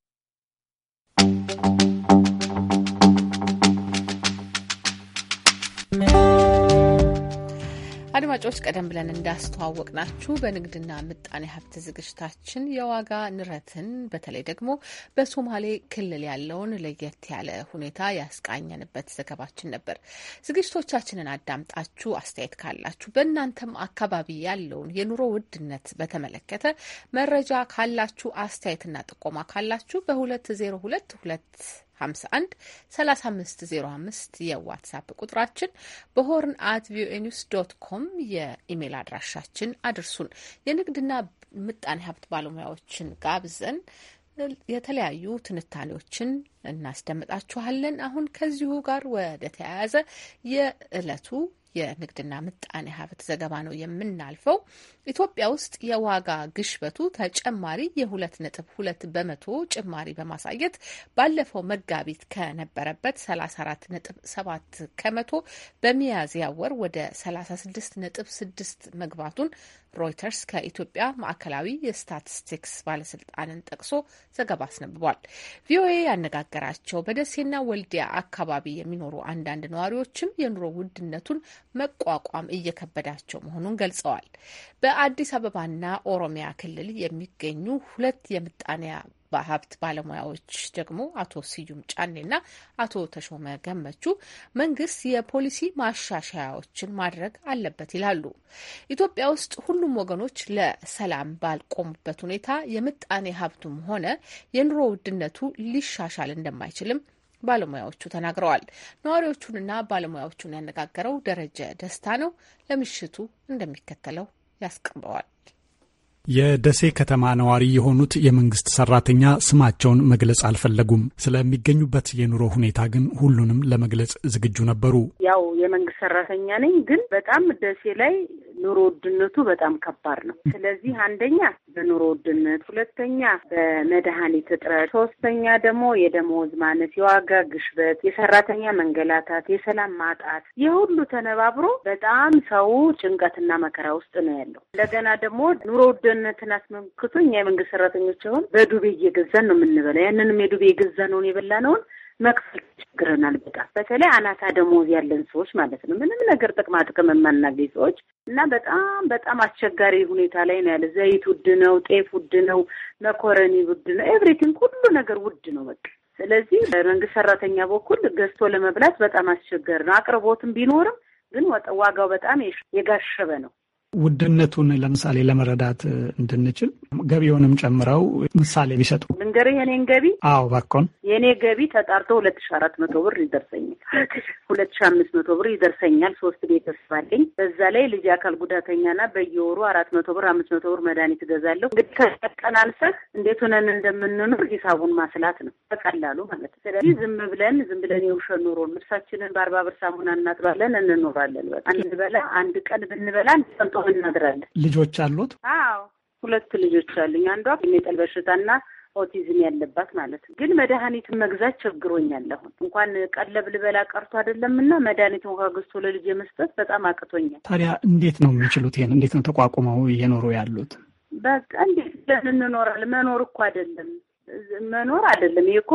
አድማጮች ቀደም ብለን እንዳስተዋወቅናችሁ በንግድና ምጣኔ ሀብት ዝግጅታችን የዋጋ ንረትን በተለይ ደግሞ በሶማሌ ክልል ያለውን ለየት ያለ ሁኔታ ያስቃኘንበት ዘገባችን ነበር። ዝግጅቶቻችንን አዳምጣችሁ አስተያየት ካላችሁ በእናንተም አካባቢ ያለውን የኑሮ ውድነት በተመለከተ መረጃ ካላችሁ አስተያየትና ጥቆማ ካላችሁ በሁለት ዜሮ ሁለት ሁለት 51 የዋትሳፕ ቁጥራችን በሆርን አት ቪኦኤ ኒውስ ዶት ኮም የኢሜል አድራሻችን አድርሱን። የንግድና ምጣኔ ሀብት ባለሙያዎችን ጋብዘን የተለያዩ ትንታኔዎችን እናስደምጣችኋለን። አሁን ከዚሁ ጋር ወደ ተያያዘ የዕለቱ የንግድና ምጣኔ ሀብት ዘገባ ነው የምናልፈው። ኢትዮጵያ ውስጥ የዋጋ ግሽበቱ ተጨማሪ የሁለት ነጥብ ሁለት በመቶ ጭማሪ በማሳየት ባለፈው መጋቢት ከነበረበት ሰላሳ አራት ነጥብ ሰባት ከመቶ በሚያዝያ ወር ወደ ሰላሳ ስድስት ነጥብ ስድስት መግባቱን ሮይተርስ ከኢትዮጵያ ማዕከላዊ የስታቲስቲክስ ባለስልጣንን ጠቅሶ ዘገባ አስነብቧል። ቪኦኤ ያነጋገራቸው በደሴና ወልዲያ አካባቢ የሚኖሩ አንዳንድ ነዋሪዎችም የኑሮ ውድነቱን መቋቋም እየከበዳቸው መሆኑን ገልጸዋል። በአዲስ አበባና ኦሮሚያ ክልል የሚገኙ ሁለት የምጣኔያ ሀብት ባለሙያዎች ደግሞ አቶ ስዩም ጫኔና አቶ ተሾመ ገመቹ መንግስት የፖሊሲ ማሻሻያዎችን ማድረግ አለበት ይላሉ። ኢትዮጵያ ውስጥ ሁሉም ወገኖች ለሰላም ባልቆሙበት ሁኔታ የምጣኔ ሀብቱም ሆነ የኑሮ ውድነቱ ሊሻሻል እንደማይችልም ባለሙያዎቹ ተናግረዋል። ነዋሪዎቹንና ባለሙያዎቹን ያነጋገረው ደረጀ ደስታ ነው። ለምሽቱ እንደሚከተለው ያስቀምበዋል። የደሴ ከተማ ነዋሪ የሆኑት የመንግስት ሰራተኛ ስማቸውን መግለጽ አልፈለጉም። ስለሚገኙበት የኑሮ ሁኔታ ግን ሁሉንም ለመግለጽ ዝግጁ ነበሩ። ያው የመንግስት ሰራተኛ ነኝ፣ ግን በጣም ደሴ ላይ ኑሮ ውድነቱ በጣም ከባድ ነው። ስለዚህ አንደኛ በኑሮ ውድነት፣ ሁለተኛ በመድኃኒት እጥረት፣ ሶስተኛ ደግሞ የደሞዝ ማነት፣ የዋጋ ግሽበት፣ የሰራተኛ መንገላታት፣ የሰላም ማጣት፣ የሁሉ ተነባብሮ በጣም ሰው ጭንቀትና መከራ ውስጥ ነው ያለው። እንደገና ደግሞ ኑሮ ውድ ምግብነትን አስመልክቶ እኛ የመንግስት ሰራተኞች ሆን በዱቤ እየገዛን ነው የምንበላ። ያንንም የዱቤ የገዛ ነውን የበላነውን መክፈል ችግረናል። በጣም በተለይ አናታ ደሞዝ ያለን ሰዎች ማለት ነው። ምንም ነገር ጥቅማ ጥቅም የማናገኝ ሰዎች እና በጣም በጣም አስቸጋሪ ሁኔታ ላይ ነው ያለ። ዘይት ውድ ነው፣ ጤፍ ውድ ነው፣ መኮረኒ ውድ ነው፣ ኤቭሪቲንግ ሁሉ ነገር ውድ ነው በቃ። ስለዚህ በመንግስት ሰራተኛ በኩል ገዝቶ ለመብላት በጣም አስቸገር ነው። አቅርቦትም ቢኖርም ግን ዋጋው በጣም የጋሸበ ነው። ውድነቱን ለምሳሌ ለመረዳት እንድንችል ገቢውንም ጨምረው ምሳሌ ቢሰጡ ልንገር። የኔን ገቢ አዎ፣ ባኮን የእኔ ገቢ ተጣርቶ ሁለት ሺ አራት መቶ ብር ይደርሰኛል። ሁለት ሺ አምስት መቶ ብር ይደርሰኛል። ሶስት ቤተሰብ አለኝ። በዛ ላይ ልጅ አካል ጉዳተኛና በየወሩ አራት መቶ ብር አምስት መቶ ብር መድኃኒት እገዛለሁ። እንግዲህ እንዴት ሆነን እንደምንኖር ሂሳቡን ማስላት ነው በቀላሉ ማለት ነው። ስለዚህ ዝም ብለን ዝም ብለን የውሸ ኑሮ ልብሳችንን በአርባ ብር ሳሙና እናጥባለን እንኖራለን። አንድ በላ አንድ ቀን ብንበላ አንድ ቀን እነግራለን። ልጆች አሉት? አዎ ሁለት ልጆች አሉኝ። አንዷ የሜጠል በሽታና ኦቲዝም ያለባት ማለት ነው። ግን መድኃኒትን መግዛት ቸግሮኛል። አሁን እንኳን ቀለብ ልበላ ቀርቶ አይደለም እና መድኃኒት እንኳ ለልጅ የመስጠት በጣም አቅቶኛል። ታዲያ እንዴት ነው የሚችሉት? ይሄን እንዴት ነው ተቋቁመው እየኖሩ ያሉት? በቃ እንዴት ለን እንኖራለን? መኖር እኮ አይደለም መኖር አይደለም ይሄ እኮ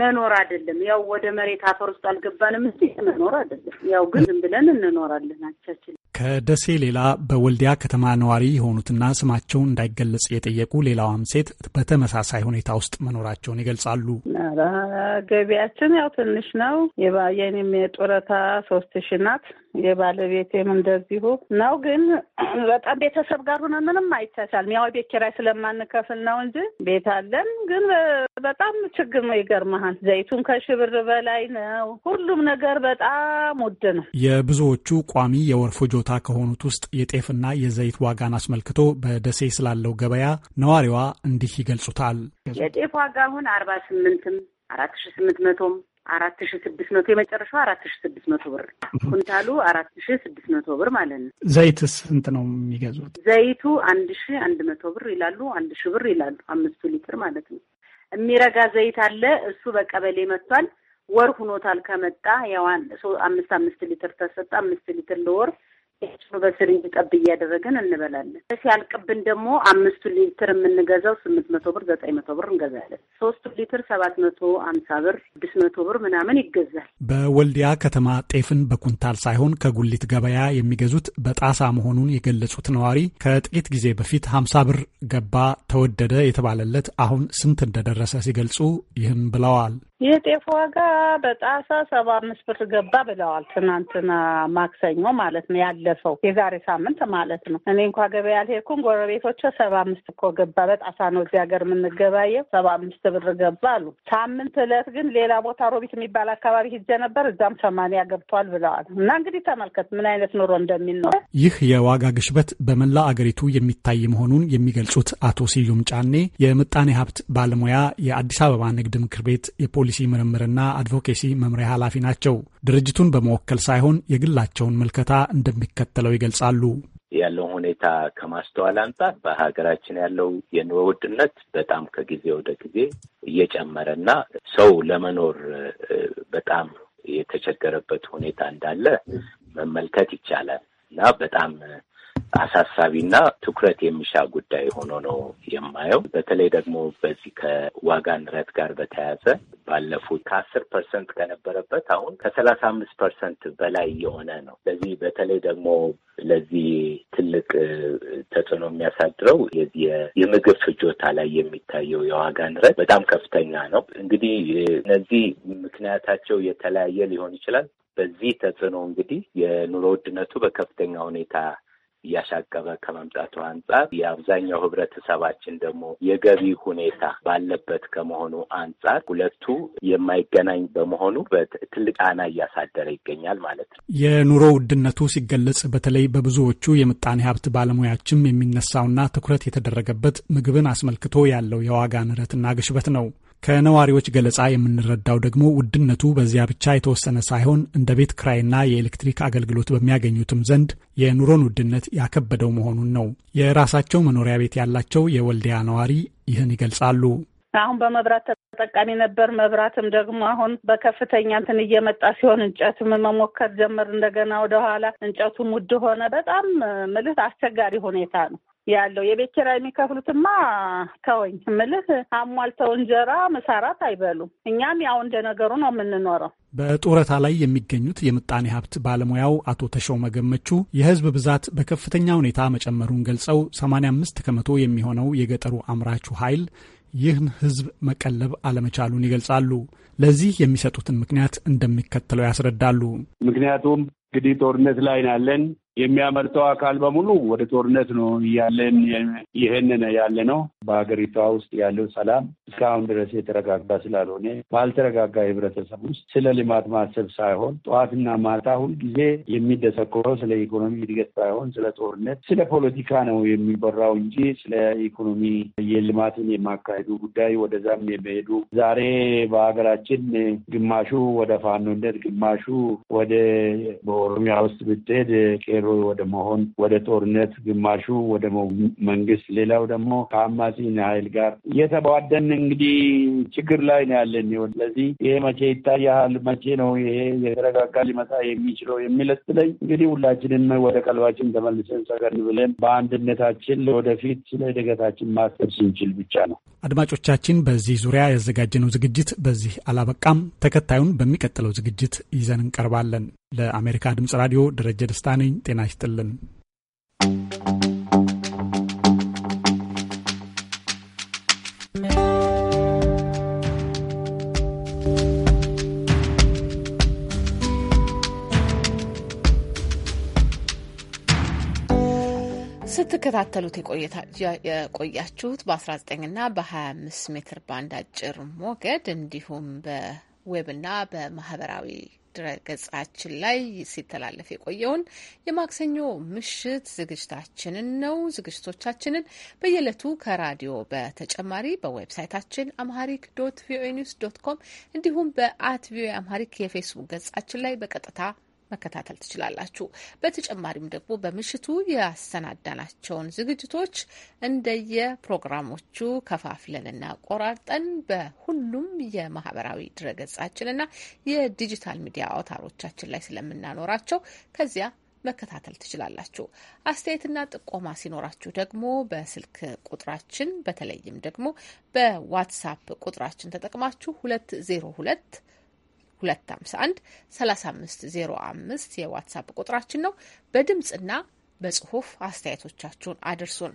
መኖር አይደለም። ያው ወደ መሬት አፈር ውስጥ አልገባንም እንጂ መኖር አይደለም። ያው ግን ዝም ብለን እንኖራለን አቻችን። ከደሴ ሌላ በወልዲያ ከተማ ነዋሪ የሆኑትና ስማቸው እንዳይገለጽ የጠየቁ ሌላዋም ሴት በተመሳሳይ ሁኔታ ውስጥ መኖራቸውን ይገልጻሉ። ገቢያችን ያው ትንሽ ነው። የኔም የጡረታ ሶስት ሺ ናት። የባለቤቴም እንደዚሁ ነው። ግን በጣም ቤተሰብ ጋር ሆነ ምንም አይቻቻልም። ያው ቤት ኪራይ ስለማንከፍል ነው እንጂ ቤት አለን። ግን በጣም ችግር ነው። ይገርማል ዘይቱም ከሽብር በላይ ነው። ሁሉም ነገር በጣም ውድ ነው። የብዙዎቹ ቋሚ የወር ፍጆታ ከሆኑት ውስጥ የጤፍና የዘይት ዋጋን አስመልክቶ በደሴ ስላለው ገበያ ነዋሪዋ እንዲህ ይገልጹታል። የጤፍ ዋጋ አሁን አርባ ስምንትም አራት ሺ ስምንት መቶም አራት ሺ ስድስት መቶ የመጨረሻው አራት ሺ ስድስት መቶ ብር ኩንታሉ አራት ሺ ስድስት መቶ ብር ማለት ነው። ዘይት ስንት ነው የሚገዙት? ዘይቱ አንድ ሺ አንድ መቶ ብር ይላሉ። አንድ ሺ ብር ይላሉ። አምስቱ ሊትር ማለት ነው። የሚረጋ ዘይት አለ። እሱ በቀበሌ መጥቷል። ወር ሁኖታል ከመጣ ያዋን አምስት አምስት ሊትር ተሰጠ። አምስት ሊትር ለወር በስር እንዲጠብ እያደረግን እንበላለን። ሲያልቅብን ደግሞ አምስቱ ሊትር የምንገዛው ስምንት መቶ ብር ዘጠኝ መቶ ብር እንገዛለን። ሶስቱ ሊትር ሰባት መቶ አምሳ ብር ስድስት መቶ ብር ምናምን ይገዛል። በወልዲያ ከተማ ጤፍን በኩንታል ሳይሆን ከጉሊት ገበያ የሚገዙት በጣሳ መሆኑን የገለጹት ነዋሪ ከጥቂት ጊዜ በፊት ሀምሳ ብር ገባ ተወደደ የተባለለት አሁን ስንት እንደደረሰ ሲገልጹ ይህም ብለዋል። የጤፍ ዋጋ በጣሳ ሰባ አምስት ብር ገባ ብለዋል። ትናንትና ማክሰኞ ማለት ነው ያለ ያደረሰው የዛሬ ሳምንት ማለት ነው። እኔ እንኳ ገበያ አልሄድኩም። ጎረቤቶች ሰባ አምስት እኮ ገባ በጣሳ ነው እዚህ ሀገር የምንገባየው ሰባ አምስት ብር ገባ አሉ። ሳምንት እለት ግን ሌላ ቦታ ሮቢት የሚባል አካባቢ ሂጄ ነበር። እዛም ሰማንያ ገብቷል ብለዋል። እና እንግዲህ ተመልከት ምን አይነት ኑሮ እንደሚኖር። ይህ የዋጋ ግሽበት በመላ አገሪቱ የሚታይ መሆኑን የሚገልጹት አቶ ስዩም ጫኔ የምጣኔ ሀብት ባለሙያ የአዲስ አበባ ንግድ ምክር ቤት የፖሊሲ ምርምርና አድቮኬሲ መምሪያ ኃላፊ ናቸው። ድርጅቱን በመወከል ሳይሆን የግላቸውን ምልከታ እንደሚ እንደሚከተለው ይገልጻሉ። ያለውን ሁኔታ ከማስተዋል አንጻር በሀገራችን ያለው የኑሮ ውድነት በጣም ከጊዜ ወደ ጊዜ እየጨመረ እና ሰው ለመኖር በጣም የተቸገረበት ሁኔታ እንዳለ መመልከት ይቻላል እና በጣም አሳሳቢና ትኩረት የሚሻ ጉዳይ ሆኖ ነው የማየው። በተለይ ደግሞ በዚህ ከዋጋ ንረት ጋር በተያያዘ ባለፉት ከአስር ፐርሰንት ከነበረበት አሁን ከሰላሳ አምስት ፐርሰንት በላይ የሆነ ነው። ስለዚህ በተለይ ደግሞ ለዚህ ትልቅ ተጽዕኖ የሚያሳድረው የምግብ ፍጆታ ላይ የሚታየው የዋጋ ንረት በጣም ከፍተኛ ነው። እንግዲህ እነዚህ ምክንያታቸው የተለያየ ሊሆን ይችላል። በዚህ ተጽዕኖ እንግዲህ የኑሮ ውድነቱ በከፍተኛ ሁኔታ እያሻቀበ ከመምጣቱ አንጻር የአብዛኛው ህብረተሰባችን ደግሞ የገቢ ሁኔታ ባለበት ከመሆኑ አንጻር ሁለቱ የማይገናኝ በመሆኑ በትልቅ ጫና እያሳደረ ይገኛል ማለት ነው። የኑሮ ውድነቱ ሲገለጽ በተለይ በብዙዎቹ የምጣኔ ሀብት ባለሙያችም የሚነሳውና ትኩረት የተደረገበት ምግብን አስመልክቶ ያለው የዋጋ ንረትና ግሽበት ነው። ከነዋሪዎች ገለጻ የምንረዳው ደግሞ ውድነቱ በዚያ ብቻ የተወሰነ ሳይሆን እንደ ቤት ክራይና የኤሌክትሪክ አገልግሎት በሚያገኙትም ዘንድ የኑሮን ውድነት ያከበደው መሆኑን ነው። የራሳቸው መኖሪያ ቤት ያላቸው የወልዲያ ነዋሪ ይህን ይገልጻሉ። አሁን በመብራት ተጠቃሚ ነበር። መብራትም ደግሞ አሁን በከፍተኛ እንትን እየመጣ ሲሆን እንጨትም መሞከር ጀመር። እንደገና ወደኋላ እንጨቱም ውድ ሆነ። በጣም ምልህ አስቸጋሪ ሁኔታ ነው። ያለው የቤት ኪራይ የሚከፍሉትማ ተወኝ ምልህ አሟልተው እንጀራ መሳራት አይበሉም። እኛም ያው እንደ ነገሩ ነው የምንኖረው። በጡረታ ላይ የሚገኙት የምጣኔ ሀብት ባለሙያው አቶ ተሾመ ገመቹ የህዝብ ብዛት በከፍተኛ ሁኔታ መጨመሩን ገልጸው 85 ከመቶ የሚሆነው የገጠሩ አምራቹ ኃይል ይህን ህዝብ መቀለብ አለመቻሉን ይገልጻሉ። ለዚህ የሚሰጡትን ምክንያት እንደሚከተለው ያስረዳሉ። ምክንያቱም እንግዲህ ጦርነት ላይ ናለን። የሚያመርተው አካል በሙሉ ወደ ጦርነት ነው እያለን ይህንን ያለ ነው። በሀገሪቷ ውስጥ ያለው ሰላም እስካሁን ድረስ የተረጋጋ ስላልሆነ ባልተረጋጋ ህብረተሰብ ውስጥ ስለ ልማት ማሰብ ሳይሆን ጠዋትና ማታ ሁልጊዜ የሚደሰኮረው ስለ ኢኮኖሚ እድገት ሳይሆን ስለ ጦርነት፣ ስለ ፖለቲካ ነው የሚበራው እንጂ ስለ ኢኮኖሚ የልማትን የማካሄዱ ጉዳይ ወደዛም የመሄዱ ዛሬ በሀገራችን ግማሹ ወደ ፋኖነት ግማሹ ወደ በኦሮሚያ ውስጥ ብትሄድ ቄሮ ወደ መሆን ወደ ጦርነት፣ ግማሹ ወደ መንግስት፣ ሌላው ደግሞ ከአማጺ ኃይል ጋር እየተባደን እንግዲህ ችግር ላይ ነው ያለን። ስለዚህ ይሄ መቼ ይታያል? መቼ ነው ይሄ የተረጋጋ ሊመጣ የሚችለው የሚለስለኝ እንግዲህ ሁላችንም ወደ ቀልባችን ተመልሰን ሰገን ብለን በአንድነታችን ለወደፊት ስለ እድገታችን ማሰብ ስንችል ብቻ ነው። አድማጮቻችን፣ በዚህ ዙሪያ ያዘጋጀነው ዝግጅት በዚህ አላበቃም። ተከታዩን በሚቀጥለው ዝግጅት ይዘን እንቀርባለን። ለአሜሪካ ድምፅ ራዲዮ ደረጀ ደስታ ነኝ። ጤና ይስጥልን። ስትከታተሉት የቆያችሁት በ19 እና በ25 ሜትር ባንድ አጭር ሞገድ እንዲሁም በዌብና በማህበራዊ ድረገጻችን ላይ ሲተላለፍ የቆየውን የማክሰኞ ምሽት ዝግጅታችንን ነው። ዝግጅቶቻችንን በየዕለቱ ከራዲዮ በተጨማሪ በዌብሳይታችን አምሃሪክ ዶት ቪኦኤ ኒውስ ዶት ኮም እንዲሁም በአት ቪኦኤ አምሃሪክ የፌስቡክ ገጻችን ላይ በቀጥታ መከታተል ትችላላችሁ። በተጨማሪም ደግሞ በምሽቱ ያሰናዳናቸውን ዝግጅቶች እንደየ ፕሮግራሞቹ ከፋፍለንና ቆራርጠን በሁሉም የማህበራዊ ድረገጻችንና የዲጂታል ሚዲያ አውታሮቻችን ላይ ስለምናኖራቸው ከዚያ መከታተል ትችላላችሁ። አስተያየትና ጥቆማ ሲኖራችሁ ደግሞ በስልክ ቁጥራችን በተለይም ደግሞ በዋትሳፕ ቁጥራችን ተጠቅማችሁ ሁለት ዜሮ ሁለት 251 3505 የዋትሳፕ ቁጥራችን ነው። በድምፅና በጽሁፍ አስተያየቶቻችሁን አድርሱን።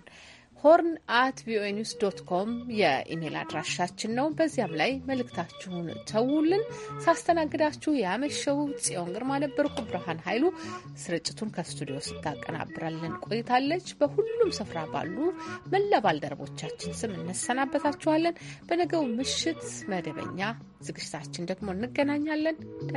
ሆርን አት ቪኦኤ ኒውስ ዶት ኮም የኢሜል አድራሻችን ነው። በዚያም ላይ መልእክታችሁን ተውልን። ሳስተናግዳችሁ ያመሸው ጽዮን ግርማ ነበርኩ። ብርሃን ኃይሉ ስርጭቱን ከስቱዲዮ ስታቀናብራለን ቆይታለች። በሁሉም ስፍራ ባሉ መላ ባልደረቦቻችን ስም እንሰናበታችኋለን። በነገው ምሽት መደበኛ ዝግጅታችን ደግሞ እንገናኛለን።